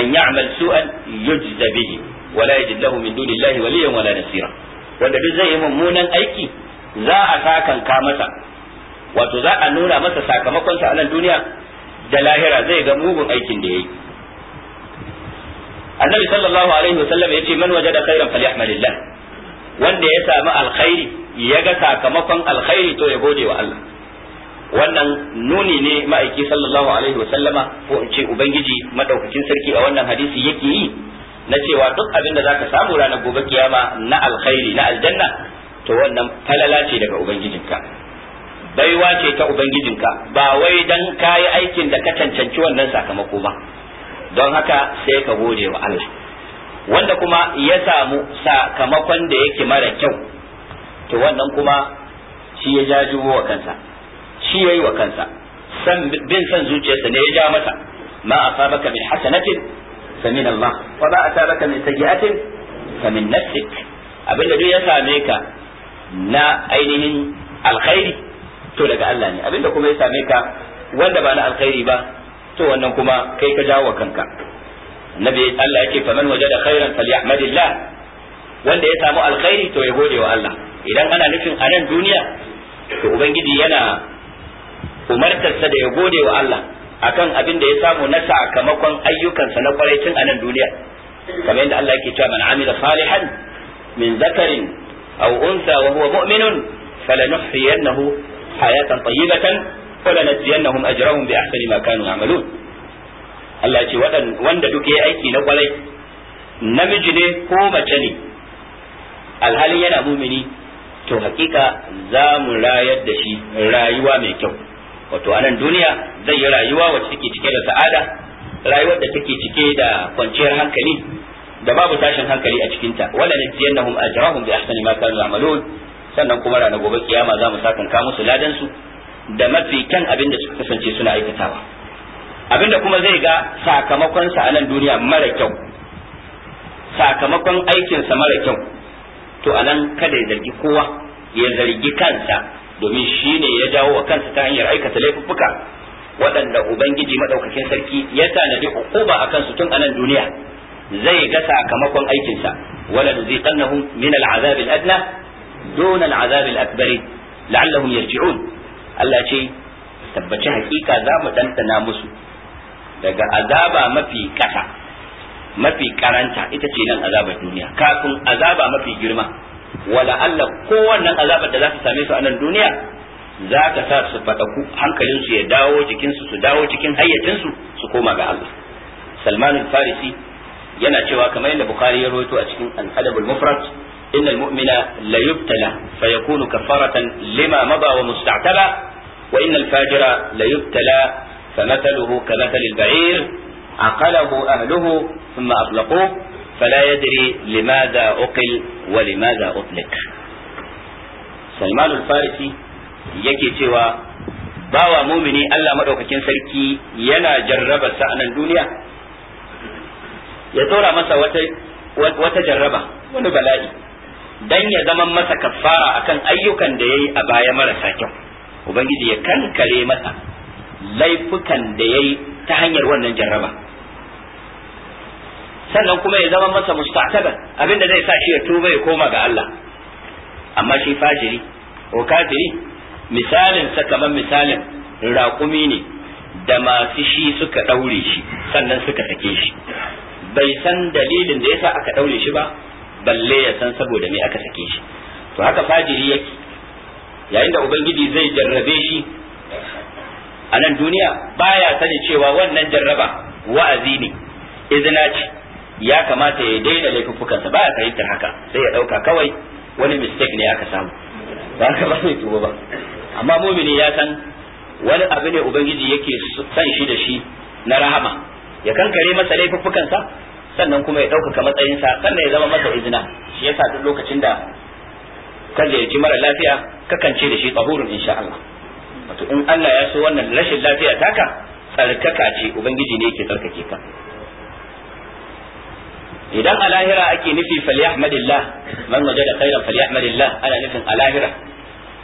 man ya'mal su'an yujza bihi wala yajid lahu wanda duk zai yi mummunan aiki za a sakanka masa wato za a nuna masa sakamakon a nan duniya da lahira zai ga mugun aikin da ya yi annabi sallallahu alaihi wasallam ce man wajada khairan falyahmalillah wanda ya samu alkhairi ya ga sakamakon alkhairi to ya gode wa Allah wannan nuni ne ma'aiki sallallahu alaihi wasallama ko in ce ubangiji madaukakin sarki a wannan hadisi yake yi na cewa duk abin da zaka samu ranar gobe kiyama na alkhairi na aljanna to wannan falala ce daga ubangijinka baiwa ce ta ubangijinka ba wai dan kayi aikin da ka cancanci wannan sakamako ba don haka sai ka gode wa Allah wanda kuma ya samu sakamakon da yake mara kyau to wannan kuma shi ya jajubo wa kansa shi yayi wa kansa san bin san zuciyarsa ne ya ja masa ma asabaka min hasanatin fa min Allah wa ma asabaka min sayyi'atin fa min nafsik abinda duk ya same ka na ainihin alkhairi to daga Allah ne abinda kuma ya same ka wanda ba na alkhairi ba to wannan kuma kai ka jawo kanka annabi Allah yake faman wajada khairan falyahmadillah wanda ya samu alkhairi to ya gode wa Allah idan ana nufin a nan duniya to ubangiji yana umartarsa da ya gode wa Allah akan abin da ya samu na sakamakon ayyukansa na kwarai cin a nan duniya kamar yadda Allah yake cewa man amila salihan min zakarin aw unsa wa huwa mu'minun falanuhyiyannahu hayatan tayyibatan wala najziyannahum ajrahum bi ahsani ma kanu amalun. Allah ya ce wanda duk yayi aiki na kwarai namiji ne ko mace ne alhalin yana mumini to hakika za mu rayar da shi rayuwa mai kyau wato anan duniya zai yi rayuwa wacce take cike da sa'ada rayuwar da take cike da kwanciyar hankali da babu tashin hankali a cikinta wala najziyannahum ajrahum bi ahsani ma kanu ya'malun sannan kuma ranar gobe kiyama za mu sakanka musu ladan su da mafi kyan abin da suka kasance suna aikatawa abin da kuma zai ga sakamakon sa a nan duniya mara kyau sakamakon aikin sa mara kyau to a nan kada ya zargi kowa ya zargi kansa domin shine ya dawo wa kansa ta hanyar aikata laifuffuka waɗanda ubangiji madaukakin sarki ya tanadi hukuma akan su tun a nan duniya zai ga sakamakon aikinsa wala nuziqannahum min al'azab al-adna دون العذاب الأكبر لعلهم يرجعون Allah ce tabbaci hakika za mu ɗantana musu daga azaba mafi ƙasa mafi karanta ita ce nan azabar duniya kafin azaba mafi girma wala Allah kowannan azabar da za su same su a nan duniya za ka sa su faɗaku hankalinsu ya dawo jikinsu su dawo cikin hayyacinsu su koma ga Allah Salman farisi yana cewa kamar yadda Bukhari ya rawaito a cikin Al-Adab al-Mufrad إن المؤمن ليبتلى فيكون كفارة لما مضى ومستعتبا وإن الفاجر ليبتلى فمثله كمثل البعير عقله أهله ثم أطلقوه فلا يدري لماذا أقل ولماذا أطلق سلمان الفارسي يكي سوى باوى مؤمني ألا maɗaukakin sarki yana ينا جرب duniya الدنيا tsora مسا وتجربة ونبلائي dan ya zama masa kaffara akan ayyukan da yayi a baya marasa kyau ubangiji ya kankare masa laifukan da yayi ta hanyar wannan jarraba sannan kuma ya zama masa mustataba abin da zai sa shi ya tuba ya koma ga Allah amma shi fajiri ko kafiri misalin sa kamar misalin raƙumi ne da masu shi suka ɗaure shi sannan suka sake shi bai san dalilin da yasa aka ɗaure shi ba balle ya san saboda me aka sake shi to haka fajiri yake yayin da ubangiji zai jarrabe shi a nan duniya baya sani cewa wannan jarraba wa'azi ne izina ce ya kamata ya daina laifuffukansa baya fahimtar haka sai ya dauka kawai wani mistake ne aka samu ba ka ba tuba ba amma mumini ya san wani abu ne ubangiji yake son shi da shi na rahama ya kankare masa laifuffukansa sannan kuma ya ɗaukaka matsayinsa sannan ya zama masa izina shi yasa duk lokacin da ka ziyarci mara lafiya kakan ce da shi tsahurin insha Allah wato in Allah ya so wannan rashin lafiya taka tsarkaka ce ubangiji ne yake tsarkake ka idan a lahira ake nufi falyahmadillah man wajada khairan falyahmadillah ana nufin a lahira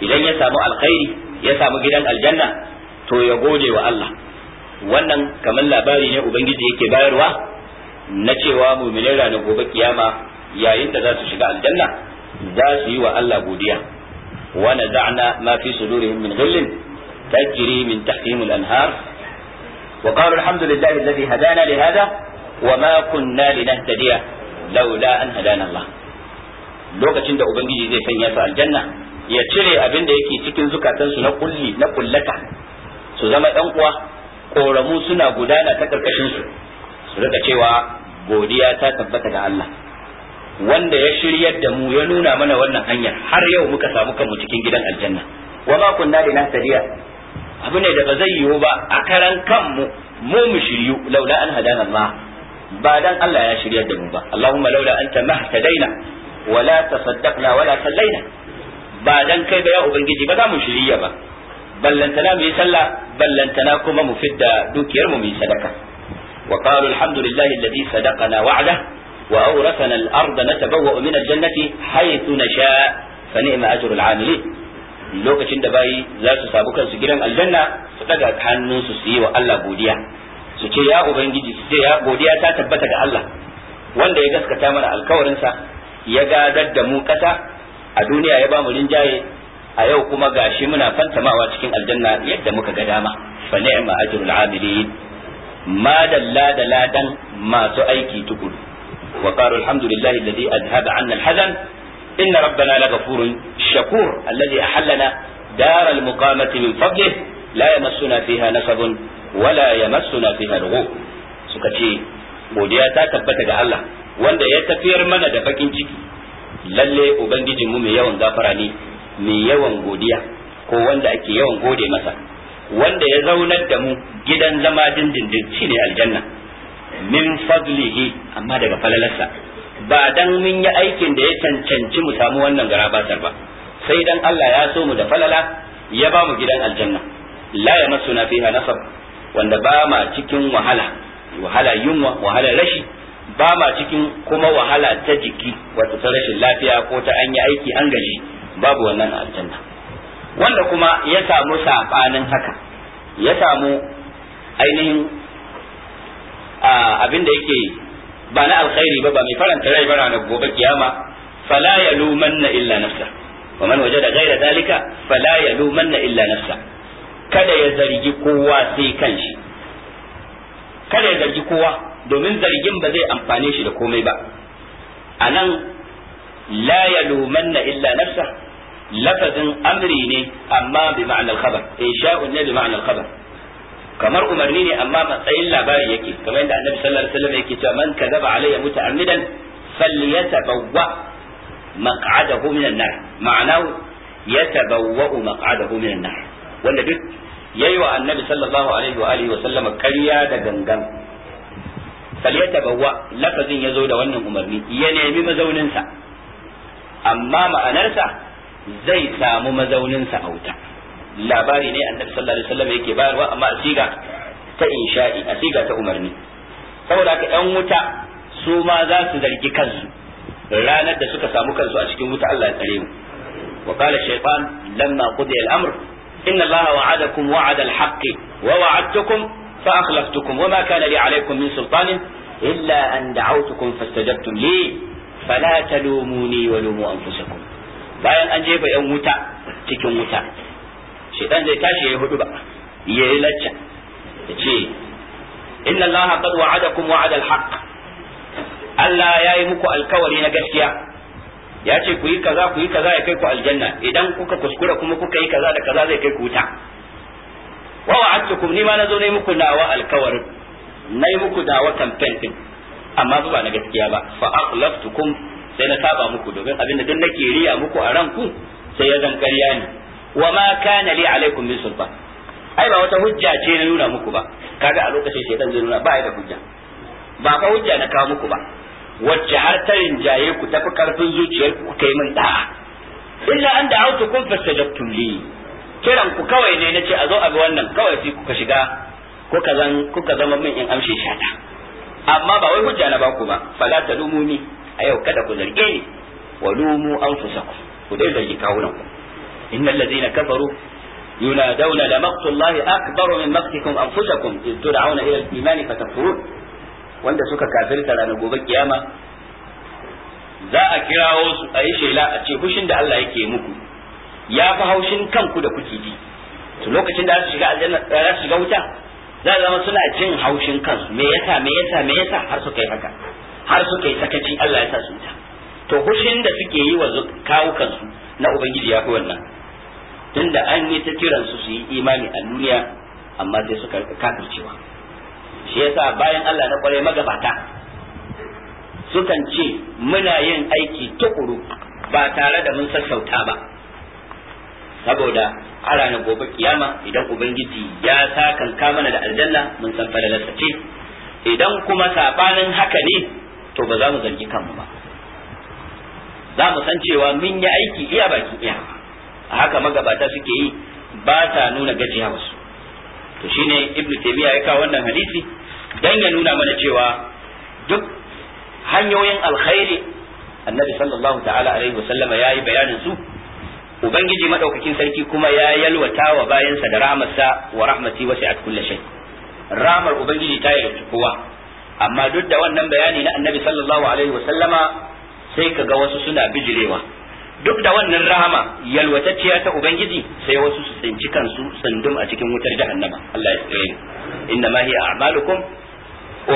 idan ya samu alkhairi ya samu gidan aljanna to ya gode wa Allah wannan kamar labari ne ubangiji yake bayarwa na cewa mu'minai ranar gobe kiyama yayin da za su shiga aljanna za su yi wa Allah godiya wa naza'na ma fi sudurihim min ghillin tajri min tahtihim al-anhar wa qalu alhamdulillahi alladhi hadana li hadha wa ma kunna linahtadiya laula an hadana Allah lokacin da ubangiji zai sanya su aljanna ya cire abin da yake cikin zukatansu na kulli na kullata su zama ɗan uwa koramu suna gudana ta karkashin su su rika cewa godiya ta tabbata ga Allah wanda ya shiryar da mu ya nuna mana wannan hanyar har yau muka samu kanmu cikin gidan aljanna wa ma kunna linahtadiya abu ne da ba zai yiwu ba a karan kanmu mu mu shiryu laula an hadana Allah ba dan Allah ya shiryar da mu ba Allahumma laula anta mahtadaina wala tasaddaqna wala sallaina ba dan kai ba ya ubangiji ba za mu shiriya ba ballantana mu yi sallah ballantana kuma mu fidda dukiyar mu mu yi sadaka وقالوا الحمد لله الذي صدقنا وعده وأورثنا الأرض نتبوأ من الجنة حيث نشاء فنعم أجر العاملين lokacin da bayi za su samu kansu gidan aljanna su daga hannunsu su yi wa Allah godiya su ce ya ubangiji su ce ya godiya ta tabbata ga Allah wanda ya gaskata mana alkawarinsa ya gadar da mu kasa a duniya ya bamu rinjaye a yau kuma gashi muna fantamawa cikin aljanna yadda muka ga dama fa ni'ma ajrul amilin ma dalla da ladan masu aiki tukuru wa qalu alhamdulillahi alladhi azhaba 'anna alhazan inna rabbana laghafurun shakur alladhi ahallana دار المقامة من فضله na يمسنا فيها نصب ولا يمسنا فيها لغوب سكتي godiya ta tabbatar da Allah wanda ya tafiyar mana da bakin ciki lalle ubangijin mu mai yawan gafara ne mai yawan godiya ko wanda ake yawan gode masa wanda ya zaunar da mu gidan zama dindindin shine aljanna min fadlihi amma daga falalarsa ba dan mun yi aikin da ya cancanci mu samu wannan garabatar ba sai dan Allah ya so mu da falala ya ba mu gidan aljanna la ya masuna fiha nasab wanda ba ma cikin wahala wahala yunwa wahala rashi ba ma cikin kuma wahala ta jiki wato ta rashin lafiya ko ta an yi aiki an gaji babu wannan aljanna wanda kuma ya samu sabanin haka ya samu ainihin abin da yake ba na alkhairi ba ba mai faranta rai ba ranar gobe kiyama fala na illa nafsa wa man wajada ghaira zalika fala na illa nafsa kada ya zargi kowa sai kanshi kada ya zargi kowa domin zargin ba zai amfane shi da komai ba anan la ya na illa nafsa lafazin amri ne amma bi ma'anar khabar insha'un ne bi ma'anar khabar kamar umarni ne amma matsayin labari yake kamar yadda annabi sallallahu alaihi wasallam yake cewa man kadaba alayya muta'ammidan falyatabawwa maq'adahu minan nar ma'anahu yatabawwa maq'adahu minan nar wanda duk yayi wa annabi sallallahu alaihi wa alihi wa sallama ƙarya da gangan falyatabawwa lafazin yazo da wannan umarni ya nemi mazauninsa amma ma'anarsa zai samu mazaunin sa auta labari ne annabi sallallahu alaihi wasallam yake bayarwa amma a siga ta insha'i a siga ta umarni saboda ka yan wuta su ma za su zargi kansu ranar da suka samu kansu a cikin wuta Allah ya tsare mu wa qala shaytan lamma qudiya al-amr inna allaha wa'adakum wa'ada al-haqqi wa wa'adtukum fa akhlaftukum wa ma kana li alaykum min sultanin illa an da'awtukum fastajabtum li فلا تلوموني ولوموا انفسكم bayan an jefa yan wuta cikin wuta shedan zai tashi yayi hudu ba yayi lacca yace inna allaha qad wa'adakum wa'ada al-haqq Allah ya yi muku alkawari na gaskiya ya ce ku yi kaza ku yi kaza ya kai ku aljanna idan kuka kuskura kuma kuka yi kaza da kaza zai kai ku wuta wa wa'adtukum ni ma nazo nayi muku nawa alkawarin nayi muku dawa campaign din amma ba na gaskiya ba fa akhlaftukum sai na saba muku domin abin da duk nake riya muku a ranku sai ya zan ƙarya ne wa ma kana li alaikum min sulfa ai ba wata hujja ce na nuna muku ba kaga a lokacin shedan zai nuna ba ya da hujja ba fa hujja na kawo muku ba wacce har ta rinjaye ku tafi karfin zuciyar ku kai min da'a illa an da kun fastajabtum li kiran ku kawai ne nace a zo a ga wannan kawai sai kuka shiga zan kuka zama min in amshe shata amma ba wai hujja na baku ba fala talumuni a yau kada ku zarge ni wa lumu anfusakum ku dai zargi kawunan ku innal ladina kafaru yunadawna la maqtullahi akbaru min maqtikum anfusakum in tud'auna ila al-iman fatakfurun wanda suka kafirta ranar gobe kiyama za a kirawo su a yi shela a ce hushin da Allah yake muku ya fi haushin kanku da kuke ji to lokacin da za su shiga aljanna za su shiga wuta za zama suna jin haushin kansu me yasa me yasa me yasa har su kai haka har suka yi sakaci Allah ya sa su ta to hushin da suke yi wa kawukan su na ubangiji ya fi wannan tunda an yi ta kiran su su yi imani a duniya amma sai suka kafircewa shi yasa bayan Allah na kwarai magabata sukan ce muna yin aiki tukuru ba tare da mun sassauta ba saboda a ranar gobe kiyama idan ubangiji ya sakanka mana da aljanna mun san falalarsa ce idan kuma sabanin haka ne to ba za mu zargi kanmu ba za mu san cewa mun yi aiki iya baki iya a haka magabata suke yi ba ta nuna gajiya wasu to shine ibnu taymiya ya kawo wannan hadisi dan ya nuna mana cewa duk hanyoyin alkhairi annabi sallallahu ta'ala alaihi wasallama yayi bayanin su ubangiji madaukakin sarki kuma ya yalwata wa bayansa da rahmarsa wa rahmati wasi'at kulli shay rahmar ubangiji ta yi kowa amma duk da wannan bayani na annabi sallallahu alaihi wasallama sai kaga wasu suna bijirewa duk da wannan rahama yalwatacciya ta ubangiji sai wasu su tsinci kansu sandum a cikin wutar jahannama Allah ya tsare ni inna ma hiya a'malukum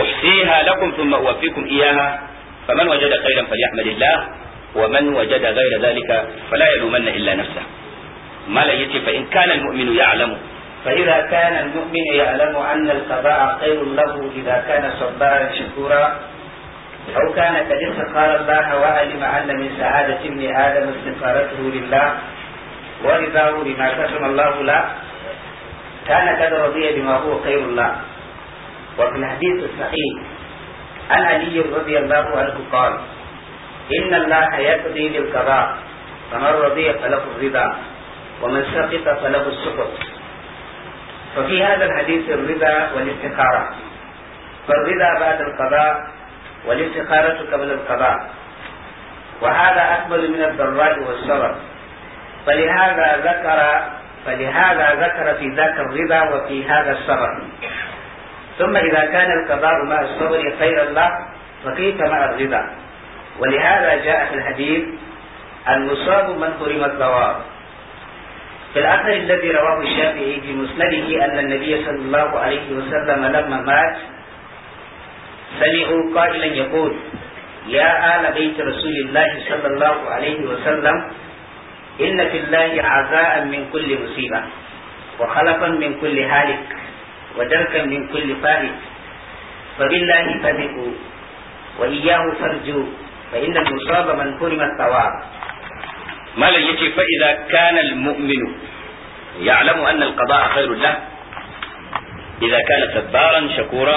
uhsiha lakum thumma uwaffikum iyaha faman wajada khairan falyahmadillah wa man wajada ghayra dhalika fala yalumanna illa nafsa malai yace fa in kana almu'minu ya'lamu فإذا كان المؤمن يعلم أن القضاء خير له إذا كان صبارا شكورا أو كان قد استقال الله وعلم أن من سعادة ابن آدم استقالته لله ورضاه بما كتم الله له كان قد رضي بما هو خير له وفي الحديث الصحيح عن علي رضي الله عنه قال إن الله يقضي بالقضاء فمن رضي فله الرضا ومن سقط فله السقط وفي هذا الحديث الربا والاستخارة فالربا بعد القضاء والاستخارة قبل القضاء وهذا أكمل من الضراء والشرف فلهذا ذكر فلهذا ذكر في ذاك الربا وفي هذا الشرف ثم إذا كان القضاء مع الصبر خيرا له فكيف مع الربا ولهذا جاء في الحديث المصاب من حرم الثواب في الأثر الذي رواه الشافعي في مسنده أن النبي صلى الله عليه وسلم لما مات سمعوا قائلا يقول يا آل بيت رسول الله صلى الله عليه وسلم إن في الله عزاء من كل مصيبة وخلقا من كل هالك ودركا من كل فارق فبالله فذقوا وإياه فارجوا فإن المصاب من كرم الثواب malam yace fa idza kana al mu'minu ya'lamu anna al qada'a khairul lahu idza kana sabbaran shakura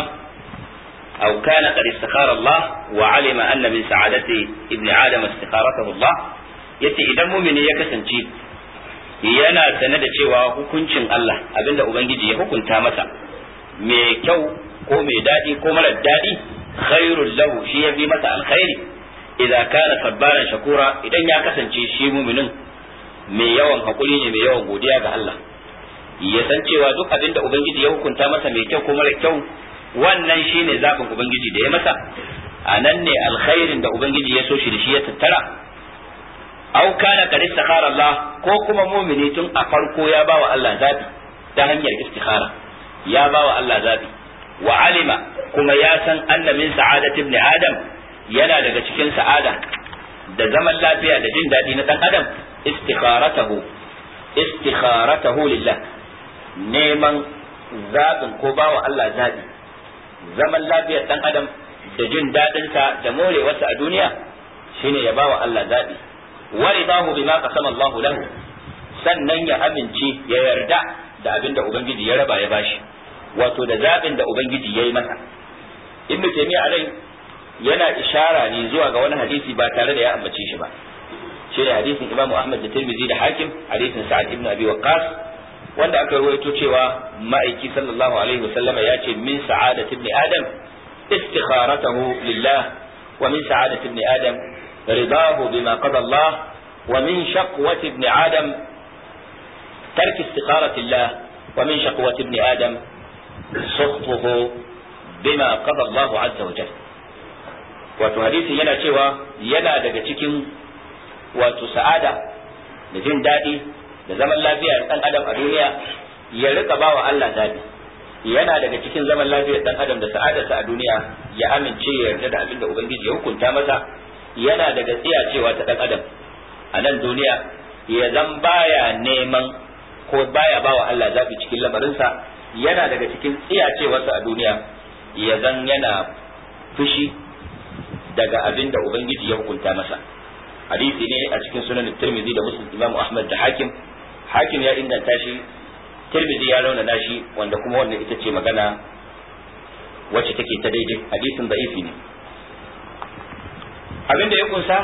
أو كان قد استخار wa وعلم أن من سعادة ابن آدم استخارته الله yace idan mumini ya kasance yana sane da cewa hukuncin Allah abinda ubangiji ya hukunta masa mai kyau ko mai daɗi ko mara daɗi khairul lahu shi ya fi masa alkhairi idza kana sabbaran shakura idan ya kasance shi muminin mai yawan hakuri ne mai yawan godiya ga Allah ya san cewa duk abin da ubangiji ya hukunta masa mai kyau ko mara kyau wannan shine zaɓin ubangiji da ya masa a nan ne alkhairin da ubangiji ya so shi da shi ya tattara Auka kana kad istakhara Allah ko kuma mumini tun a farko ya wa Allah zafi, ta hanyar istikhara ya wa Allah zafi. wa alima kuma ya san anna min sa'adati ibn adam yana daga cikin sa'ada da zaman lafiya da jin daɗi na ɗan adam istikharatahu istikharatahu lillah neman zaɓin ko bawa Allah zaɓi zaman lafiyar ɗan adam da jin daɗinsa da morewarsa a duniya shine ya bawa Allah zaɓi waridahu bima qasama Allah lahu sannan ya amince ya yarda da abin da ubangiji ya raba ya bashi wato da zaɓin da ubangiji ya yi masa ibnu taymiya alai yana ishara ne zuwa ga wani hadisi ba tare da ya ambace shi ba shi ne hadisin Imam Ahmad da Tirmidhi da Hakim hadisin Sa'ad ibn Abi Waqqas wanda aka rawaito cewa ma'aiki sallallahu alaihi wasallam ya ce min sa'adati ibn Adam istikharatahu lillah wa min sa'adati ibn Adam ridahu bima qada Allah wa min shaqwati ibn Adam tark istikharati Allah wa min shaqwati ibn Adam sukhtuhu bima qada Allah azza wa jalla wato hadisin yana cewa yana daga cikin wato sa'ada da jin daɗi da zaman lafiyar ɗan adam a duniya ya rika ba wa Allah zaɓi yana daga cikin zaman lafiyar ɗan adam da sa'adarsa a duniya ya amince ya yarda da abin da ubangiji ya hukunta masa yana daga tsiya cewa ta ɗan adam a nan duniya ya zan baya neman ko baya ba wa Allah zafi cikin lamarinsa yana daga cikin tsiya cewarsa a duniya ya zan yana fushi daga abin da ubangiji ya hukunta masa hadisi ne a cikin sunan tirmidhi da muslim imamu ahmad da hakim hakim ya inganta shi tirmidhi ya rauna shi wanda kuma wannan ita ce magana wacce take ta daidai hadisin da'ifi ne abin da ya kunsa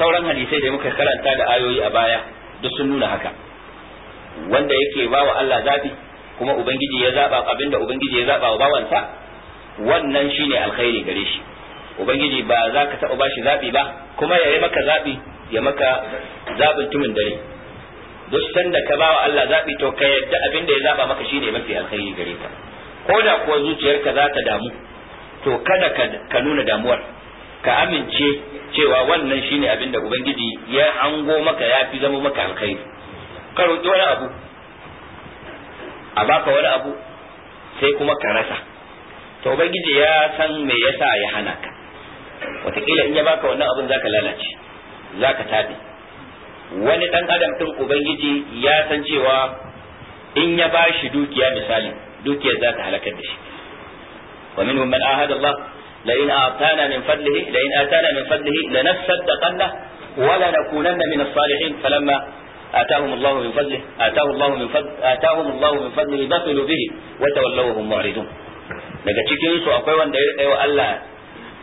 sauran hadisai da muka karanta da ayoyi a baya duk sun nuna haka wanda yake bawa Allah zabi kuma ubangiji ya zaba abinda ubangiji ya zaba wa bawansa wannan shine alkhairi gare shi ubangiji ba za ka taɓa bashi zaɓi ba kuma ya yi maka zaɓi ya maka zaɓin tumin dare duk sanda ka bawa Allah zaɓi to ka yadda abin da ya zaɓa maka shine mafi alkhairi gare ka ko da kuwa zuciyarka za ta damu to kada ka nuna damuwar ka amince cewa wannan shine abin da ubangiji ya ango maka ya fi zama maka alkhairi ka roƙi wani abu a baka wani abu sai kuma ka rasa to ubangiji ya san me yasa ya hana ka wataƙila in ya baka wannan abin zaka lalace zaka tabi wani dan adam din ubangiji ya san cewa in ya bashi dukiya misali dukiya za ta halakar da shi wa minhum man ahada Allah la in atana min fadlihi la in atana min fadlihi la nasaddaqanna wa la nakunanna min as-salihin falamma آتاهم الله من فضله آتاه الله من فضل آتاهم الله من فضله بخلوا به وتولوا وهم معرضون daga cikin su akwai wanda ya tsayo Allah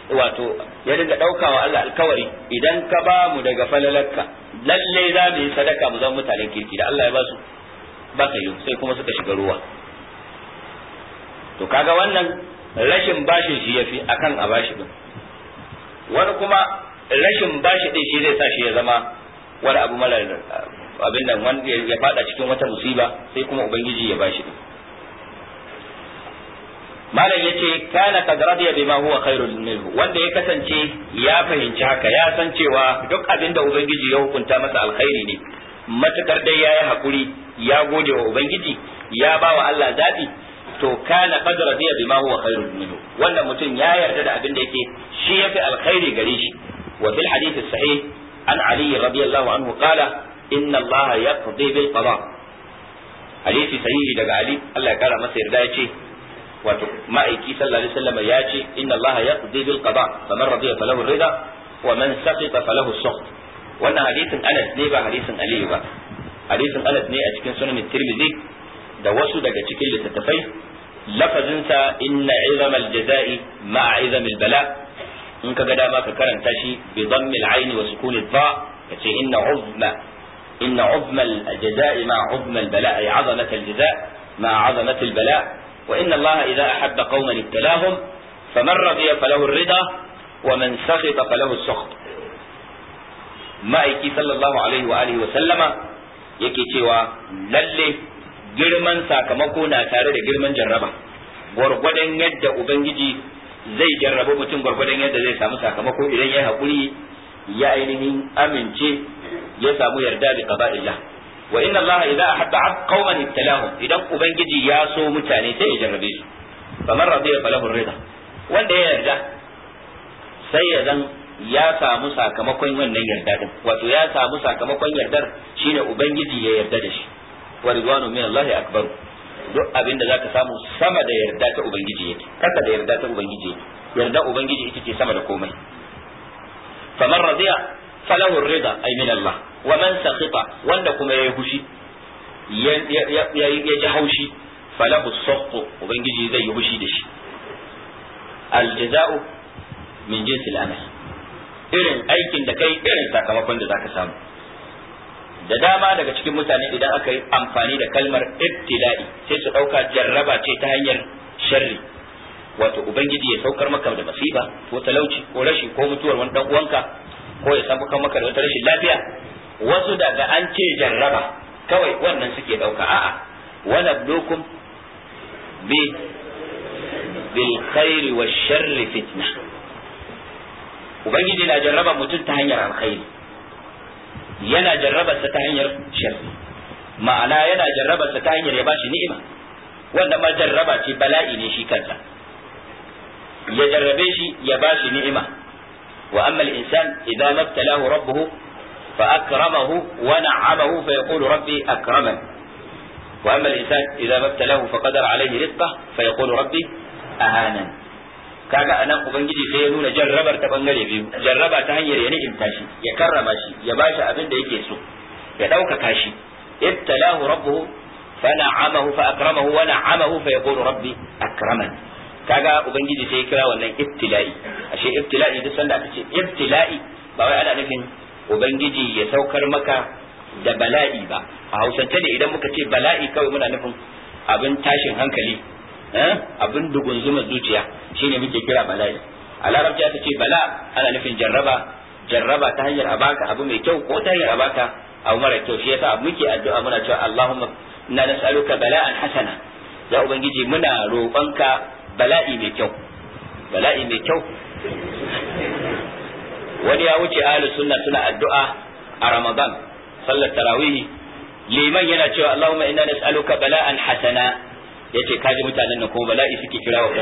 wato ya dinga ɗauka wa Allah alkawari idan ka ba mu daga falalarka lalle za mu yi sadaka mu zama mutanen kirki da Allah ya ba su ba ka yi sai kuma suka shiga ruwa to kaga wannan rashin bashin shi yafi akan a bashi din wani kuma rashin bashi din shi zai sa shi ya zama wani abu mara abin nan wanda ya fada cikin wata musiba sai kuma ubangiji ya bashi din malam yace kana qad radiya bima huwa khairul minhu wanda ya kasance ya fahimci haka ya san cewa duk abin da ubangiji ya hukunta masa alkhairi ne matukar dai yayi hakuri ya gode wa ubangiji ya ba wa Allah zabi to kana qad radiya bima huwa khairul minhu wannan mutum ya yarda da abin da yake shi yafi alkhairi gare shi wa fil hadith sahih an ali radiyallahu anhu qala inna Allah yaqdi bil qada hadisi sahihi daga ali Allah ya kara masa yarda yace wato ma'aiki sallallahu alaihi wasallam ya ce inna allaha yaqdi bil qada faman radiya falahu rida wa man saqita falahu sukh wannan hadisin Anas ne ba hadisin Ali ba hadisin Anas ne a cikin sunan Tirmidhi da wasu daga cikin littattafai sa inna izamal jazai ma'a izamil bala in kaga ga dama ka karanta shi bi dammil ayni wa sukun sukuni dha kace inna uzma inna uzma al jazai ma uzma al bala ay azamat al jazaa ma azamat al bala wa inna allaha idza ahabba qauman ibtalahum faman radiya falahu ar-rida wa man sakhita falahu as-sakht ma'aiki sallallahu alaihi wa alihi wa sallama yake cewa lalle girman sakamako na tare da girman jarraba gwargwadon yadda ubangiji zai jarrabi mutum gwargwadon yadda zai samu sakamako idan ya haƙuri ya ainihin amince ya samu yarda da qada'illah wa inna Allah idza ahabba qauman ibtalahum idan ubangiji ya so mutane sai ya jarrabe su faman radiya falahu rida wanda ya yarda sai ya zan ya samu sakamakon wannan yarda din wato ya samu sakamakon yardar shine ubangiji ya yarda da shi wa ridwanu min Allah akbar duk abin da zaka samu sama da yarda ta ubangiji yake kasa da yarda ta ubangiji yake yarda ubangiji ita ce sama da komai faman radiya falahu rida ay min Allah wa man sakhita wanda kuma yayi hushi ya ji haushi falahu sakhtu ubangiji zai yi hushi da shi aljaza'u min irin aikin da kai irin sakamakon da zaka samu da dama daga cikin mutane idan aka yi amfani da kalmar ibtila'i sai su ɗauka jarraba ce ta hanyar sharri wato ubangiji ya saukar maka da masifa ko talauci ko rashin ko mutuwar wani dan uwanka ko ya samu maka da wata rashin lafiya wasu daga an ce jarraba kawai wannan suke ɗauka a'a wani blokum bi bil khairi wa sharri fitna ubangiji na jarraba mutum ta hanyar alkhairi yana jarrabarsa ta hanyar sharri ma'ana yana jarrabarsa ta hanyar ya ba shi ni'ima wanda ma jarraba ce bala'i ne shi kansa ya jarrabe shi ya ba shi ni'ima wa amma al-insan idza mabtalahu rabbuhu فأكرمه ونعمه فيقول ربي أكرمن وأما الإنسان إذا ما ابتلاه فقدر عليه رزقة فيقول ربي أهانن كاجا أنا أبنجي في نون جربة تبنجي في جربة تهني يعني إمتاشي يكرماشي يباشا أبن ديك يسوع يدوك كاشي ابتلاه ربه فنعمه فأكرمه ونعمه فيقول ربي أكرمن كاجا أبنجي في كلا ولا ابتلائي أشي ابتلائي ده سند ابتلائي بقى أنا نفهم ubangiji ya saukar maka da bala'i ba a hausance ne idan muka ce bala'i kawai muna nufin abin tashin hankali eh, abin zuma zuciya shine muke kira bala'i a larabci ta ce bala ana nufin jarraba jarraba ta hanyar abaka abu mai kyau ko ta hanyar abaka abu mara kyau shi yasa muke addu'a muna cewa Allahumma inna nas'aluka bala'an hasana ya ubangiji muna roƙonka bala'i mai kyau bala'i mai kyau wani ya wuce ahlus sunna suna addu'a a ramadan sallar tarawih liman yana cewa Allahumma inna nas'aluka bala'an hasana yace kaji mutanen nan kuma bala'i suke kira wa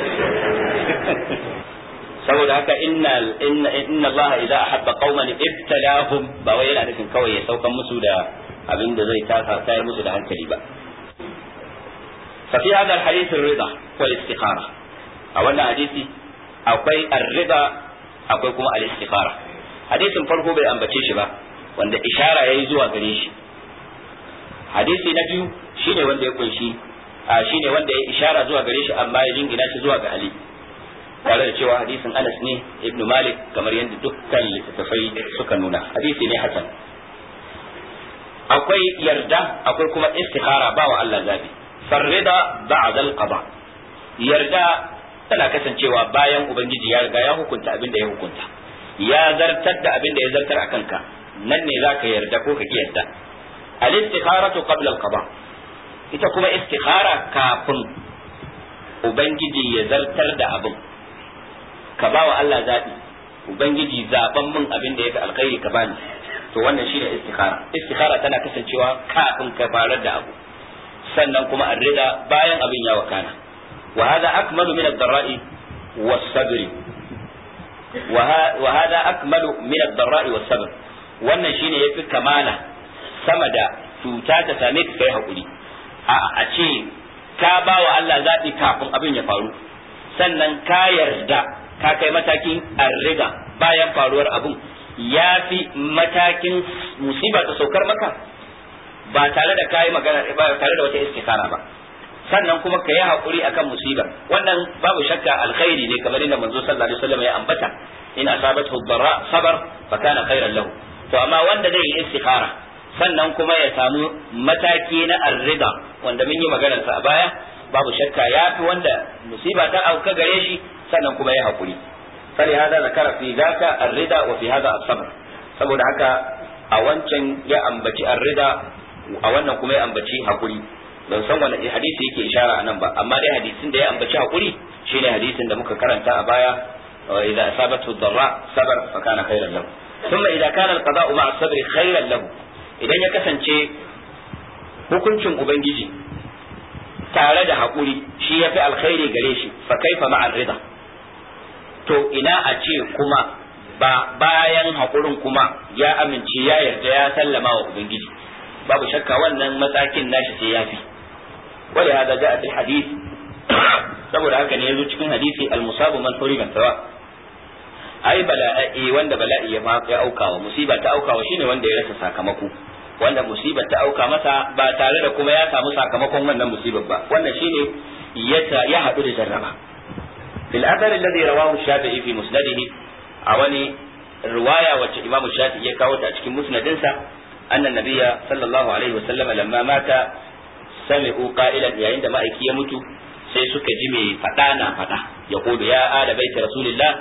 saboda haka inna inna Allah idza ahabba qauman ibtalahum ba wai yana nufin kawai ya saukan musu da abin da zai tasa tayar musu da hankali ba fa fi hadha alhadith ar-ridha wal a wannan hadisi akwai ar akwai kuma al-istikhara hadisin farko bai ambace shi ba wanda ishara yayi zuwa gare shi hadisi na biyu shine wanda ya kunshi a ne wanda ya ishara zuwa gare shi amma ya jingina shi zuwa ga Ali tare da cewa hadisin Anas ne Ibn Malik kamar yadda dukkan littattafai suka nuna hadisi ne hasan akwai yarda akwai kuma istikhara ba wa Allah zabi farrida ba'da al-qada yarda tana kasancewa bayan ubangiji ya riga ya hukunta abin da ya hukunta ya zartar da abin da ya zartar a kanka nan ne za ka yarda ko ka ki yarda al istikharatu qabla al qada ita kuma istikhara kafin ubangiji ya zartar da abin ka ba wa Allah zaɓi ubangiji zaban min abin da ya fi alkhairi ka bani to wannan shine istikhara istikhara tana kasancewa kafin ka farar da abu sannan kuma arrida bayan abin ya wakana wa hada akmalu min ad-dara'i was-sabri wa hada akmalu min ad-darra'i wannan shine yafi kamala sama da cuta ta same ka kai hakuri a a ce ka ba wa Allah zaɓi kafin abin ya faru sannan ka yarda ka kai matakin arriga bayan faruwar abin ya fi matakin musiba ta saukar maka ba tare da kayi magana ba tare da wata istikara ba sannan kuma ka yi haƙuri akan musibar wannan babu shakka alkhairi ne kamar inda manzo sallallahu alaihi wasallam ya ambata in asabathu dharra sabar fa kana khairan lahu to amma wanda zai yi istikhara sannan kuma ya samu mataki na arrida wanda mun yi maganar sa a baya babu shakka ya fi wanda musiba ta auka gare shi sannan kuma ya haƙuri fali hada zakara fi zaka arrida wa fi hada as-sabr saboda haka a wancan ya ambaci arrida a wannan kuma ya ambaci haƙuri ban san wani hadisi yake ishara anan ba amma dai hadisin da ya ambaci hakuri shine hadisin da muka karanta a baya idza asabatu dharra sabar fa kana khairan lahu thumma idan kana al ma'a sabri khairan lahu idan ya kasance hukuncin ubangiji tare da hakuri shi yafi alkhairi gare shi fa kaifa ma'a rida to ina a ce kuma ba bayan hakurin kuma ya amince ya yarda ya sallama wa ubangiji babu shakka wannan matsakin nashi sai ya fi ولهذا جاء في الحديث saboda haka ne yazo cikin hadisi al-musabu man furiga sawa ai bala'i wanda bala'i ya ya aukawa musiba ta aukawa shine wanda ya rasa sakamako wanda musibar ta auka masa ba tare da kuma ya samu sakamakon wannan musibar ba wannan shine ya ya hadu da jarraba fil athar alladhi rawahu shafi'i fi musnadihi a wani riwaya wacce imamu shafi'i ya kawo ta cikin musnadinsa anna nabiyya sallallahu alaihi wasallam lamma mata sami'u qa'ilan yayin da ma'aiki ya mutu sai suka ji mai fada na faɗa. ya kudu ya ada baiti rasulillah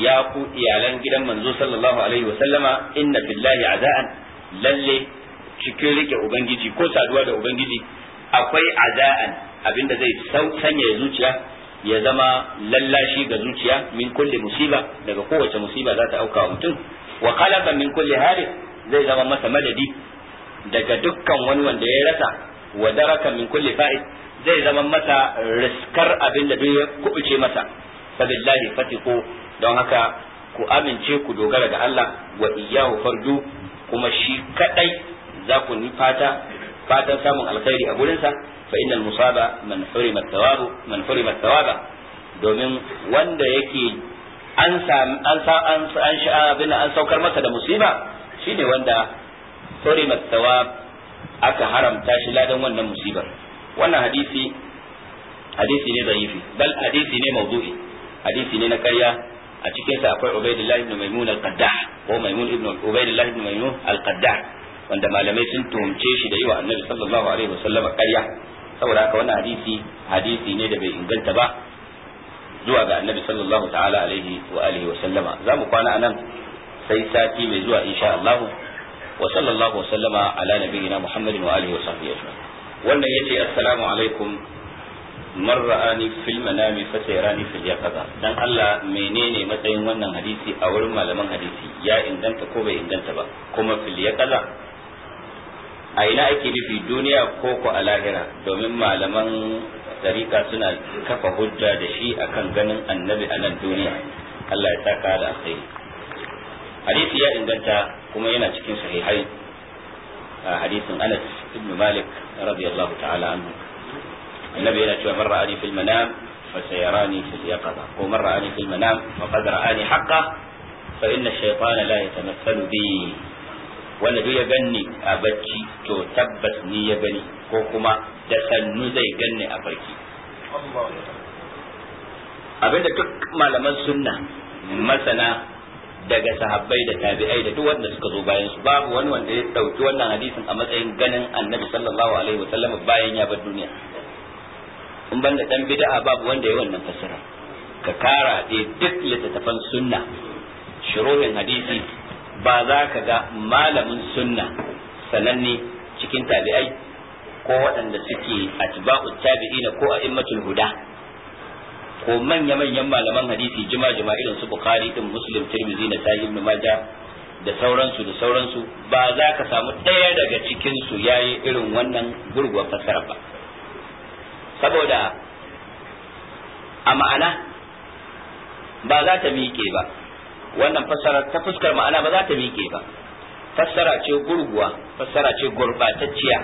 ya ku iyalan gidan manzo sallallahu alaihi wasallama inna billahi azaan lalle cikin rike ubangiji ko saduwa da ubangiji akwai azaan abinda zai sanya zuciya ya zama lallashi ga zuciya min kulli musiba daga kowace musiba za ta auka mutum wa khalaqa min kulli hali zai zama masa madadi daga dukkan wani wanda ya rasa wa daraka min kulli fa'id zai zama mata riskar abin da ya kubuce masa fati fatiqu don haka ku amince ku dogara ga Allah wa iyyahu fardu kuma shi kadai za ku ni fata fatan samun alkhairi a gurinsa fa innal musaba man hurima thawabu man hurima thawaba domin wanda yake an an an an abin an saukar masa da musiba shine wanda hurima thawab aka haramta shi ladan wannan musibar wannan hadisi hadisi ne zayifi bal hadisi ne mawdu'i hadisi ne na ƙarya a cikin sa akwai Ubaidillah ibn Maimun al-Qaddah ko Maimun ibn Ubaidillah ibn Maimun al-Qaddah wanda malamai sun tuhumce shi da yi wa Annabi sallallahu alaihi wasallam ƙarya saboda haka wannan hadisi hadisi ne da bai inganta ba zuwa ga Annabi sallallahu ta'ala alaihi wa alihi wasallama mu kwana anan sai sati mai zuwa insha Allah wa sallallahu wasallama ala nabiyina muhammadin wa alihi wa sahbihi ajma'in wannan yace assalamu alaikum man ra'ani fil manami fa sayrani fil yaqaza dan Allah menene matsayin wannan hadisi a wurin malaman hadisi ya inganta ko bai inganta ba kuma fil yaqaza a ina ake nufi duniya ko ko a lahira domin malaman tarika suna kafa hujja da shi akan ganin annabi a nan duniya Allah ya saka da alkhairi hadisi ya inganta kuma yana cikin sahihai hadisin Anas ibn Malik radiyallahu ta'ala anhu annabi yana cewa man ra'ani fil manam fa sayarani fil yaqظة ko man ra'ani fil manam fa qad ra'ani haqqan fa inna shaytana la yatamathalu bi wanda duk ya ganni a bacci to tabbas ni ya gani ko kuma da sannu zai ganni a farki abinda duk malaman sunna masana daga sahabbai da tabi'ai da duk wanda suka zo bayan su babu wani wanda ya dauki wannan hadisin a matsayin ganin annabi sallallahu alaihi wasallam bayan ya bar duniya in banda dan bid'a babu wanda ya wannan fasara ka kara dai duk littattafan sunna shuruhin hadisi ba za ka ga malamin sunna sananne cikin tabi'ai ko waɗanda suke atba'u tabi'ina ko a'immatul huda ko manya-manyan malaman hadisi jima-jima irin su bukhari din muslim tirmidhi na sahih ibn majah da sauransu da sauransu ba za ka samu ɗaya daga cikin su yayi irin wannan gurguwar fasara ba saboda a ma'ana ba za ta miƙe ba wannan fassara ta fuskar ma'ana ba za ta miƙe ba fassara ce gurguwa fassara ce gurbatacciya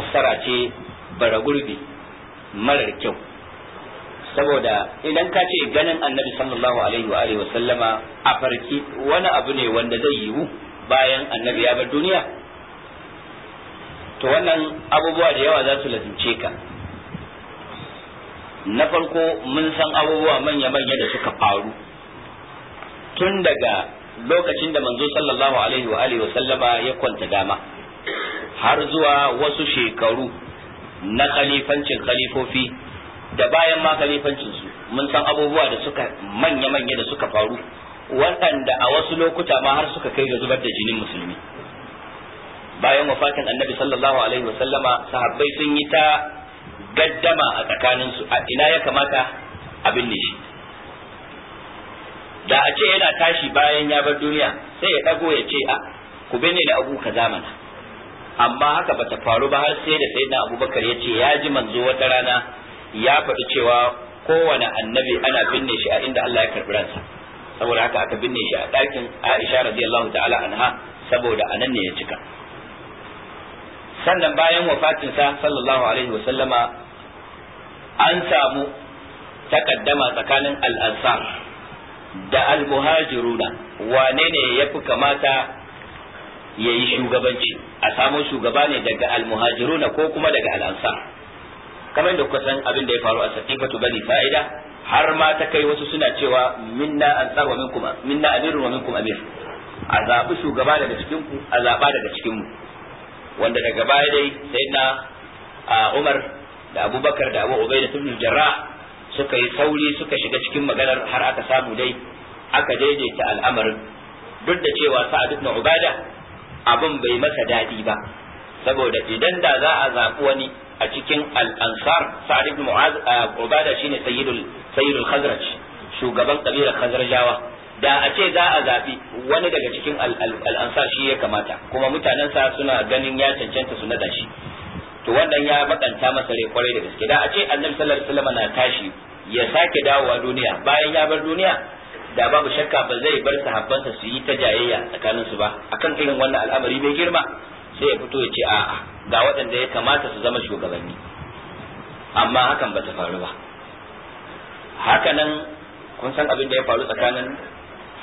fassara ce bara gurbi marar kyau saboda idan ka ce ganin annabi sallallahu alaihi wa alihi sallama a farki wani abu ne wanda zai yiwu bayan annabi ya bar duniya to wannan abubuwa da yawa za su lazince ka na farko mun san abubuwa manya-manya da suka faru tun daga lokacin da manzo sallallahu alaihi wa alihi sallama ya kwanta dama har zuwa wasu shekaru na khalifancin khalifofi da bayan ma khalifancin su mun san abubuwa da suka manya manya da suka faru waɗanda a wasu lokuta ma har suka kai ga zubar da jinin musulmi bayan wafatin annabi sallallahu alaihi wasallama sahabbai sun yi ta gaddama a tsakaninsu a ina ya kamata abin ne shi da a ce yana tashi bayan ya bar duniya sai ya dago ya ce a ku ne da abu ka zamana amma haka bata faru ba har sai da sayyidina abubakar ya ce ya ji manzo wata rana ya faɗi cewa kowane annabi ana binne shi a inda Allah ya karɓi ransa saboda haka aka binne shi a ɗakin Aisha radiyallahu ta'ala anha saboda anan ne ya cika sannan bayan sa sallallahu alaihi wa sallama an samu takaddama tsakanin al-ansar da al-muhajiruna wane ne yafi kamata ya yi shugabanci a samo shugaba ne daga al-muhajiruna ko kuma daga al al-ansar kamar da kuka san abin da ya faru a satifatu bani fa'ida har ma ta kai wasu suna cewa minna ansar wa minkum minna amirun wa minkum amir a zaɓi shugaba daga cikin ku a zaɓa daga cikin mu wanda daga baya dai sai na Umar da Abubakar da Abu Ubaida ibn Jarrah suka yi sauri suka shiga cikin maganar har aka samu dai aka daidaita al'amarin duk da cewa Sa'ad ibn Ubada abin bai masa daɗi ba saboda idan da za a zaɓi wani a cikin al'ansar, sa'ad mu'az ubada shine sayyidul sayyidul khazraj shugaban kabilar khazrajawa da a ce za a zabi wani daga cikin al'ansar shi ya kamata kuma sa suna ganin ya cancanta su nada shi to wannan ya bakanta masa rai kwarai da gaske da a ce annabi sallallahu alaihi wasallam na tashi ya sake dawowa duniya bayan ya bar duniya da babu shakka ba zai bar sahabbansa su yi ta jayayya tsakaninsu ba akan irin wannan al'amari bai girma sai ya fito ya ce a'a ga waɗanda ya kamata su zama shugabanni amma hakan ba ta faru ba hakanan kun san abin da ya faru tsakanin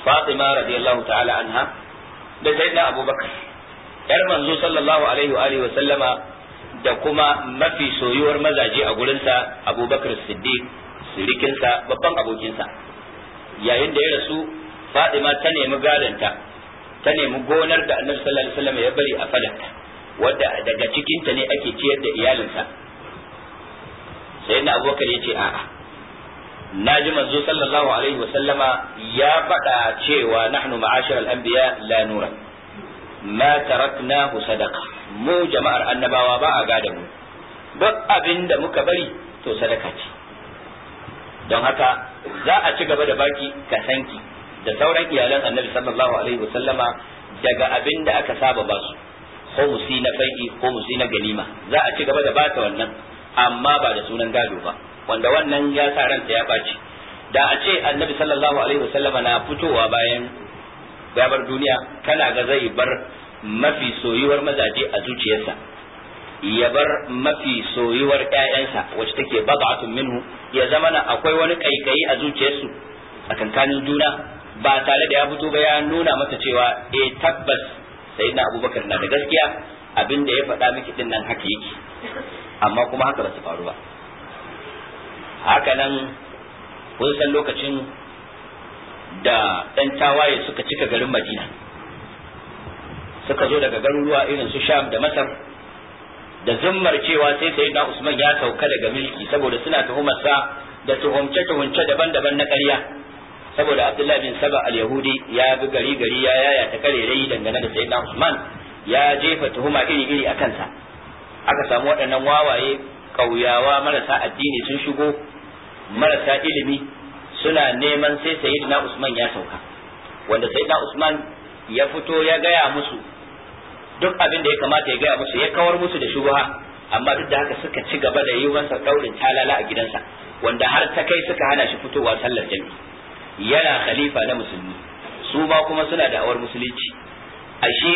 Fatima radiyallahu ta'ala anha da Sayyidina Abubakar yar manzo sallallahu alaihi wa alihi wa sallama da kuma mafi soyuwar mazaje a gurinsa Abubakar Siddiq sirikinsa babban abokinsa yayin da ya rasu Fatima ta nemi gadonta ta nemi gonar da annabi sallallahu alaihi wasallam ya bari a falak wadda daga cikinta ne ake ciyar da iyalinsa sai na abokan ya ce a'a na ji manzo sallallahu alaihi wasallama ya faɗa cewa nahnu ma'ashar al-anbiya la nura ma taraknahu sadaqa mu jama'ar annabawa ba a gada mu duk abin da muka bari to sadaka ce don haka za a ci gaba da baki ka sanki da sauran iyalan annabi sallallahu alaihi wa sallama daga abinda aka saba ba su ko musi na ko musi na ganima za a ci gaba da bata wannan amma ba da sunan gado ba wanda wannan ya sa ranta ya baci da a ce annabi sallallahu alaihi wa sallama na fitowa bayan gabar duniya kana ga zai bar mafi soyuwar mazaje a zuciyarsa ya bar mafi soyuwar ƴaƴansa wacce take bad'atun minhu ya zama na akwai wani kaikayi a zuciyarsu a kankanin juna ba tare da ya fito ba ya nuna masa cewa eh tabbas sai na abubakar na da gaskiya abin da ya faɗa miki din nan haka yake amma kuma haka ba su faru ba haka nan kun san lokacin da ɗan tawaye suka cika garin madina suka zo daga garuruwa irin su sham da masar da zummar cewa sai sai na usman ya sauka daga milki saboda suna tuhumarsa da tuhumce-tuhumce daban-daban na ƙarya saboda abdullahi bin saba al-yahudi ya bi gari gari ya yaya ta karerai dangane da sayyidina usman ya jefa tuhuma iri iri a kansa aka samu waɗannan wawaye kauyawa marasa addini sun shigo marasa ilimi suna neman sai sayyidina usman ya sauka wanda sayyidina usman ya fito ya gaya musu duk abin da ya kamata ya gaya musu ya kawar musu da shubuha amma duk da haka suka ci gaba da yi wansa daurin talala a gidansa wanda har ta kai suka hana shi fitowa sallar jami'i yana khalifa na musulmi su ma kuma suna da'awar musulunci ashe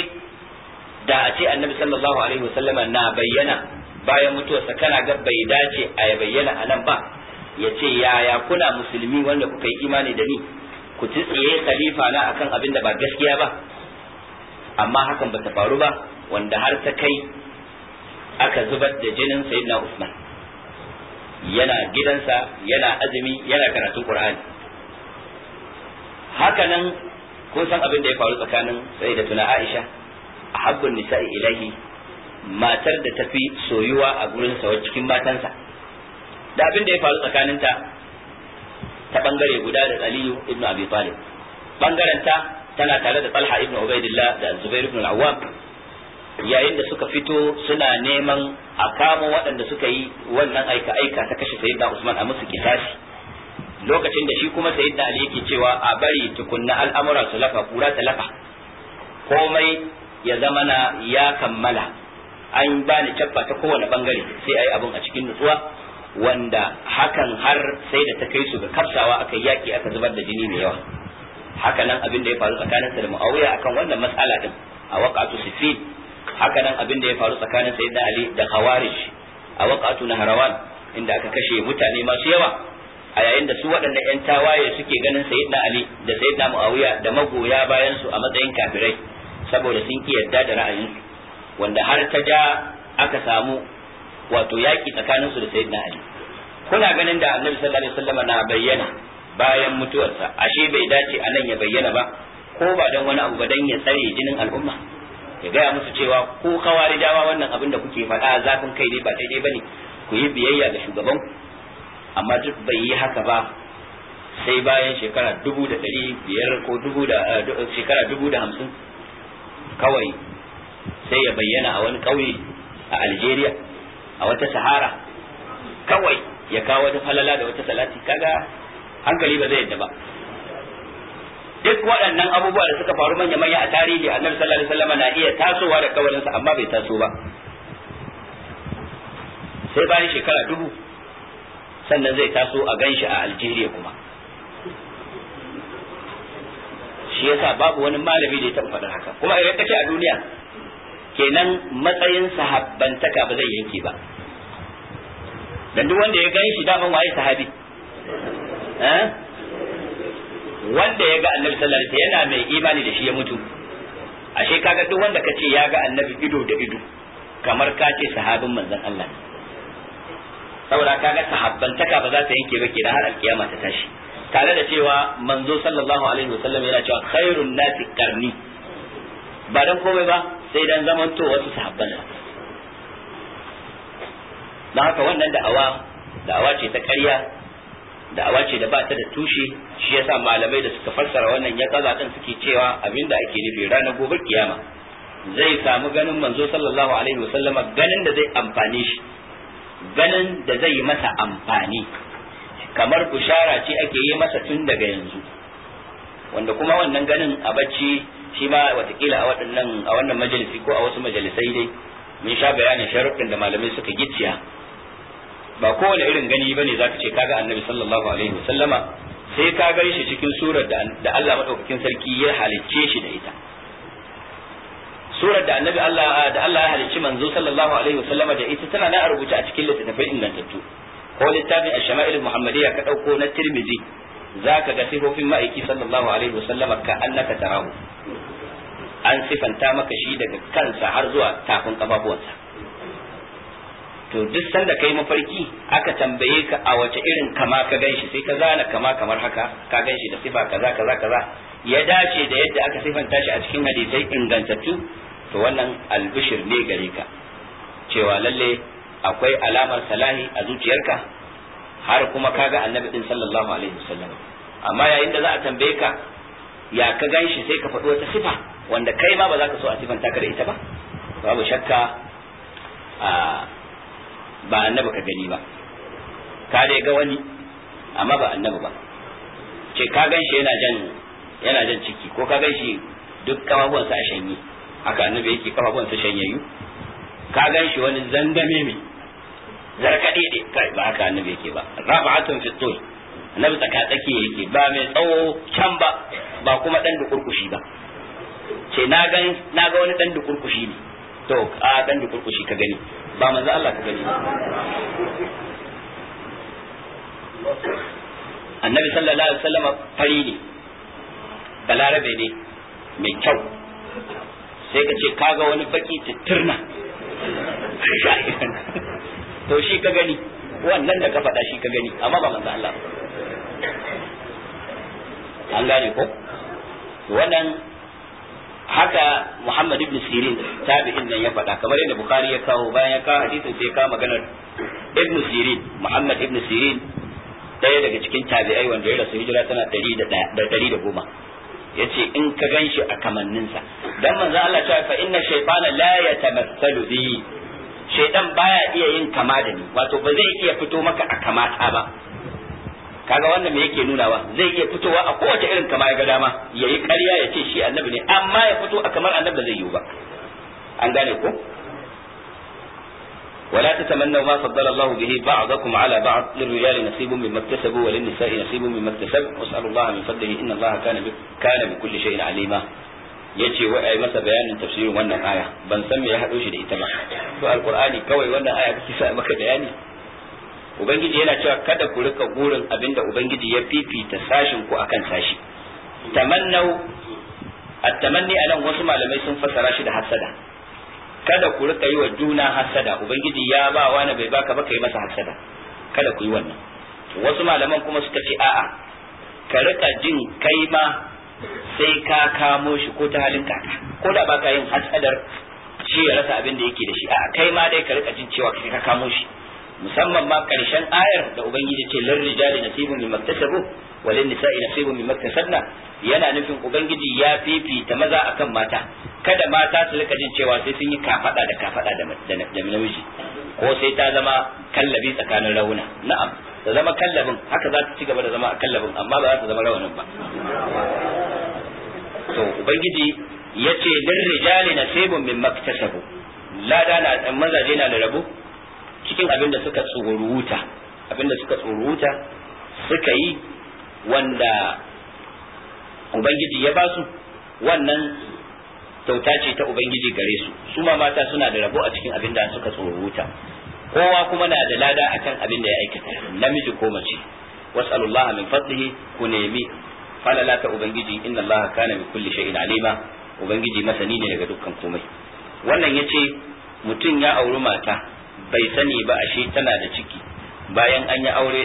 da a ce annabi sallallahu alaihi wasallama na bayyana bayan mutuwarsa kana ga bai dace a ya bayyana a nan ba ya ce yaya kuna musulmi wanda kuka yi imani da ni ku ci tsaye khalifa na akan abin da ba gaskiya ba amma hakan ba ta faru ba wanda har ta kai aka zubar da jinin sayyidina Usman yana gidansa yana azumi yana karatun Qur'ani hakanan kun san abin da ya faru tsakanin sai da tuna Aisha ahabbun nisa'i ilahi matar da tafi soyuwa a gurin sa cikin matansa da abin da ya faru tsakaninta ta bangare guda da Aliyu ibn Abi Talib bangaren ta tana tare da Talha ibn Ubaidillah da Zubair ibn Awwam yayin da suka fito suna neman a kama waɗanda suka yi wannan aika aika ta kashe sayyidina Usman a musu kitashi lokacin da shi kuma sayyidina ali yake cewa a bari tukunna al'amura su lafa kura ta lafa komai ya zama na ya kammala an bani cappa ta kowane bangare sai ayi abun a cikin nutsuwa wanda hakan har sai da ta kai su ga kafsawa aka yaki aka zubar da jini mai yawa haka nan abin da ya faru tsakanin sa da Muawiya akan wannan matsala din a waqatu sifin haka nan abin da ya faru tsakanin sayyidina Ali da Khawarij a waqatu Naharawan, inda aka kashe mutane masu yawa a yayin da su waɗanda 'yan tawaye suke ganin sayyidina ali da sayyidina muawiya da magoya bayan su a matsayin kafirai saboda sun ki yarda da su wanda har ta ja aka samu wato yaƙi tsakanin su da sayyidina ali kuna ganin da annabi sallallahu alaihi wasallam na bayyana bayan mutuwarsa ashe bai dace a nan ya bayyana ba ko ba dan wani abu ba dan ya tsare jinin al'umma ya gaya musu cewa ko kawari dawa wannan abin da kuke faɗa zafin kai ne ba daidai bane ku yi biyayya ga shugaban amma duk bai yi haka ba sai bayan shekara dubu da ɗari biyar ko dubu da eh, shekara dubu da hamsin kawai sai ya bayyana a wani ƙauye a algeria a wata sahara kawai ya kawo wata falala da wata salati kaga hankali ba zai yadda ba duk waɗannan abubuwa da suka faru manya manya a tarihi annabi sallallahu alaihi wasallam na iya tasowa da kawalinsa amma bai taso ba sai bayan shekara dubu sannan zai taso a ganshi a Algeria kuma shi yasa babu wani malami da ya taɓa faɗar haka kuma idan kace a duniya kenan matsayin sahabbantaka ba zai yanke ba dan duk wanda ya ganshi daman waye sahabi eh? wanda ya ga annabi sallallahu alaihi yana mai imani da shi ya mutu ashe kaga duk wanda kace ya ga annabi ido da ido kamar ka ce sahabin manzon Allah ne saboda ga sahabbantaka ba za ta yanke ba kenan har alkiyama ta tashi tare da cewa manzo sallallahu alaihi wasallam yana cewa khairun nasi karni ba dan komai ba sai dan to wasu sahabban da haka wannan da'awa da'awa ce ta ƙarya da'awa ce da ba ta da tushe shi yasa malamai da suka fassara wannan ya kaza din suke cewa abinda ake nufi ranar gobe kiyama zai samu ganin manzo sallallahu alaihi wasallama ganin da zai amfane shi ganin da zai masa amfani kamar bushara ce ake yi masa tun daga yanzu wanda kuma wannan ganin a bacci shi ma watakila a waɗannan a wannan majalisi ko a wasu majalisai dai mun sha bayanin sharuɗin da malamai suka gicciya ba kowane irin gani bane zaka ce kaga annabi sallallahu alaihi wasallama sai ka gare shi cikin surar da Allah madaukakin sarki ya halicce shi da ita surar da annabi Allah ah, da Allah ya halicci manzo sallallahu alaihi wasallama da ita tana na rubuta a cikin littattafai ingantattu ko littafin ash-shama'il muhammadiyya ka dauko na tirmidhi zaka ga sifofin ma'aiki sallallahu alaihi wasallama ka annaka tarahu an sifanta maka shi daga kansa har zuwa tafin kafafuwansa to duk sanda kai mafarki aka tambaye ka a wace irin kama ka ganshi sai ka zana kama kamar haka ka ganshi da sifa kaza kaza kaza ya dace da yadda aka sifanta shi a cikin hadisai ingantattu to wannan albishir ne gare ka cewa lalle akwai alamar salahi a zuciyarka har kuma kaga annabi din sallallahu alaihi wasallam amma yayin da za a tambaye ka ya ka ganshi sai ka faɗi wata sifa wanda kai ma ba za ka so a sifanta ka da ita ba babu shakka ba annabi ka gani ba ka dai ga wani amma ba annabi ba ce ka ganshi yana jan yana jan ciki ko ka ganshi duk kafafuwansa a shanye haka annabi yake kafafuwansa shanyayyu ka ganshi wani zangame mai zarkade ne kai ba haka annabi yake ba rafa'atun fi tul annabi tsaka tsake yake ba mai tsawo can ba ba kuma dan da kurkushi ba ce na ga na ga wani dan da kurkushi ne to a dan da kurkushi ka gani ba manzo Allah ka gani annabi sallallahu alaihi wasallam fari ne balarabe ne mai kyau sai ka ce kaga wani baki titirna to shi ka gani wannan da ka faɗa shi ka gani amma ba manzo Allah an gane ko wannan haka Muhammad ibn Sirin tabi'in nan ya faɗa kamar yadda Bukhari ya kawo bayan ya kawo hadisin sai ya kawo maganar ibn Sirin Muhammad ibn Sirin daya daga cikin tabi'ai wanda ya rasu hijira tana 110 yace in ka ganshi a kamanninsa dan manzo Allah ta fa inna shaytana la yatamassalu bi shaytan baya iya yin kama da ni wato ba zai iya fito maka a kamata ba kaga wannan me yake nuna nunawa zai iya fitowa a kowace irin kama ya ga dama yayi ƙarya ya ce shi annabi ne amma ya fito a kamar annabi zai yiwu ba an gane ko ولا تتمنوا ما فضل الله به بعضكم على بعض للرجال نصيب مما اكتسبوا وللنساء نصيب مما اكتسب واسألوا الله من فضله إن الله كان كان بكل شيء عليما yace wai ai masa bayanin tafsirin wannan aya ban san me ya hado shi da ita ba to alqur'ani kawai wannan aya kike sa maka bayani ubangiji yana cewa kada ku rika gurin abinda ubangiji ya fifita sashin ku akan sashi tamannau at-tamanni anan wasu malamai sun fassara shi da hasada kada ku rika yi wa juna hasada ubangiji ya ba wani bai baka ba kai masa hasada kada ku yi wannan wasu malaman kuma suka ce a'a ka rika jin kai ma sai ka kamo shi ko ta halin kaka ko da baka yin hasadar shi ya rasa abin da yake da shi a'a kai ma dai ka rika jin cewa kai ka kamo shi musamman ma karshen ayar da ubangiji ce lin rijali nasibun min maktasabu wa nisa'i nasibun min maktasabna yana nufin ubangiji ya fifita maza akan mata kada mata su rika jin cewa sai sun yi kafada da kafada da namiji ko sai ta zama kallabi tsakanin rauna na'am ta zama kallabin haka za ta ci gaba da zama a kallabin amma ba za ta zama rawanin ba to ubangiji yace lin rijali nasibun min maktasabu lada na mazaje na da rabo cikin abin da suka tsoruta abin da suka tsoruta suka yi wanda ubangiji ya basu wannan kyauta ce ta ubangiji gare su su ma mata suna da rabo a cikin abin da suka tsoruta kowa kuma na da lada akan abin da ya aikata namiji ko mace was'alullaha min fadlihi ku nemi falala ta ubangiji inna allaha kana bi kulli shay'in alima ubangiji masani ne daga dukkan komai wannan yace mutum ya auri mata bai sani ba ashe tana da ciki bayan an yi aure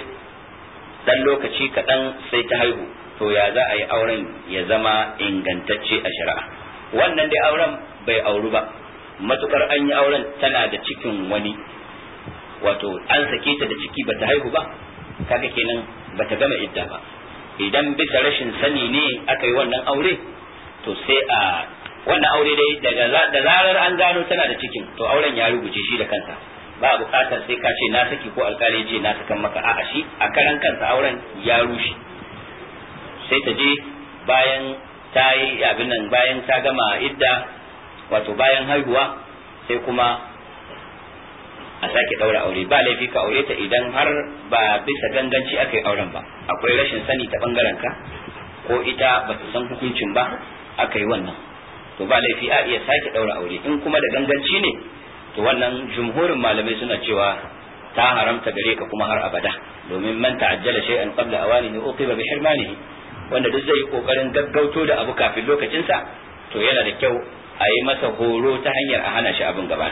dan lokaci kaɗan sai ta haihu to ya za a yi auren ya zama ingantacce a shari'a wannan dai auren bai auru ba matukar an yi auren tana da cikin wani wato an sake ta da ciki ba ta haihu ba kaga kenan ta gama idda ba idan bisa rashin sani ne aka yi wannan aure to sai a wannan aure dai da zarar an gano tana da cikin to auren ya rubuce shi da kansa ba bukatar sai ka ce na saki ko alkali ce na sakan maka a'a shi a karan kansa auren ya rushe sai ta je bayan ta yi abin nan bayan ta gama idda wato bayan haihuwa sai kuma a sake daura aure ba laifi ka aure ta idan har ba bisa ganganci aka yi auren ba akwai rashin sani ta bangaren ka ko ita ba ta san hukuncin ba aka yi wannan to ba laifi a iya sake ɗaura aure in kuma da ganganci ne to wannan jumhurin malamai suna cewa ta haramta gare ka kuma har abada domin man ta'ajjala shay'an qabla awanihi uqiba bi hirmanihi wanda duk zai yi kokarin gaggauto da abu kafin lokacinsa to yana da kyau a yi masa horo ta hanyar a hana shi abin gaba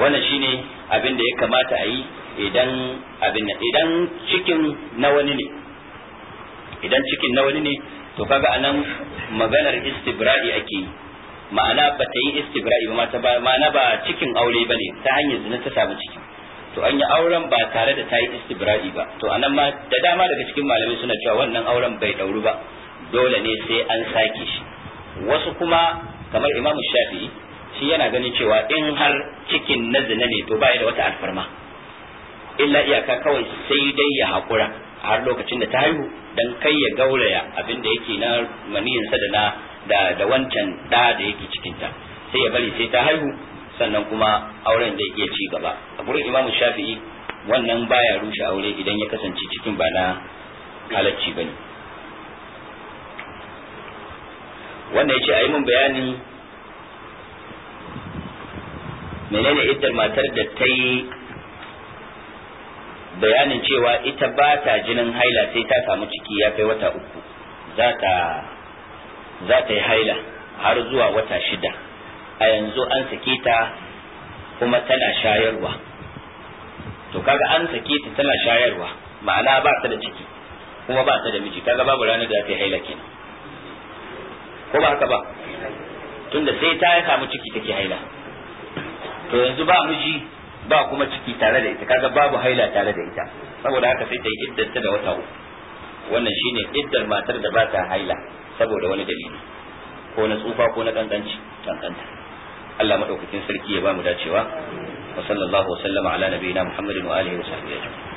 wannan shine abin da ya kamata a yi idan abin idan cikin na wani ne idan cikin na wani ne to kaga anan maganar istibra'i ake yi ma'ana ba ta yi istibra'i ba mata ba ma'ana ba cikin aure bane ta hanyar zina ta samu ciki to an yi auren ba tare da ta yi istibra'i ba to anan ma da dama daga cikin malamai suna cewa wannan auren bai dauru ba dole ne sai an sake shi wasu kuma kamar imam shafi'i shi yana ganin cewa in har cikin na zina ne to bai da wata alfarma illa iyaka kawai sai dai ya hakura har lokacin da ta haihu dan kai ya gauraya abin da yake na maniyinsa da na da da wancan da da yake cikin ta sai ya bari sai ta haihu sannan kuma auren zai iya ci gaba a gurin Imam Shafi'i wannan baya rushe aure idan ya kasance cikin ba na halacci bane wannan yace ayi mun bayani menene iddar matar da ta yi bayanin cewa ita ba ta jinin haila sai ta samu ciki ya kai wata uku za ta za ta yi haila har zuwa wata shida a yanzu an sake ta kuma tana shayarwa to kaga an sake ta tana shayarwa ma'ana ba ta da ciki kuma ba ta da miji kaga babu ranar da za ta yi haila kenan ko ba haka ba tunda sai ta samu ciki take haila to yanzu ba miji ba kuma ciki tare da ita kaga babu haila tare da ita saboda haka sai ta yi ta da wata uku wannan shine iddar matar da ba ta haila saboda wani dalili ko na tsufa ko na kankanci kankanta Allah madaukakin sarki ya ba mu dacewa wa sallallahu wa sallama ala nabiyina Muhammadin wa alihi wa sahbihi ajma'in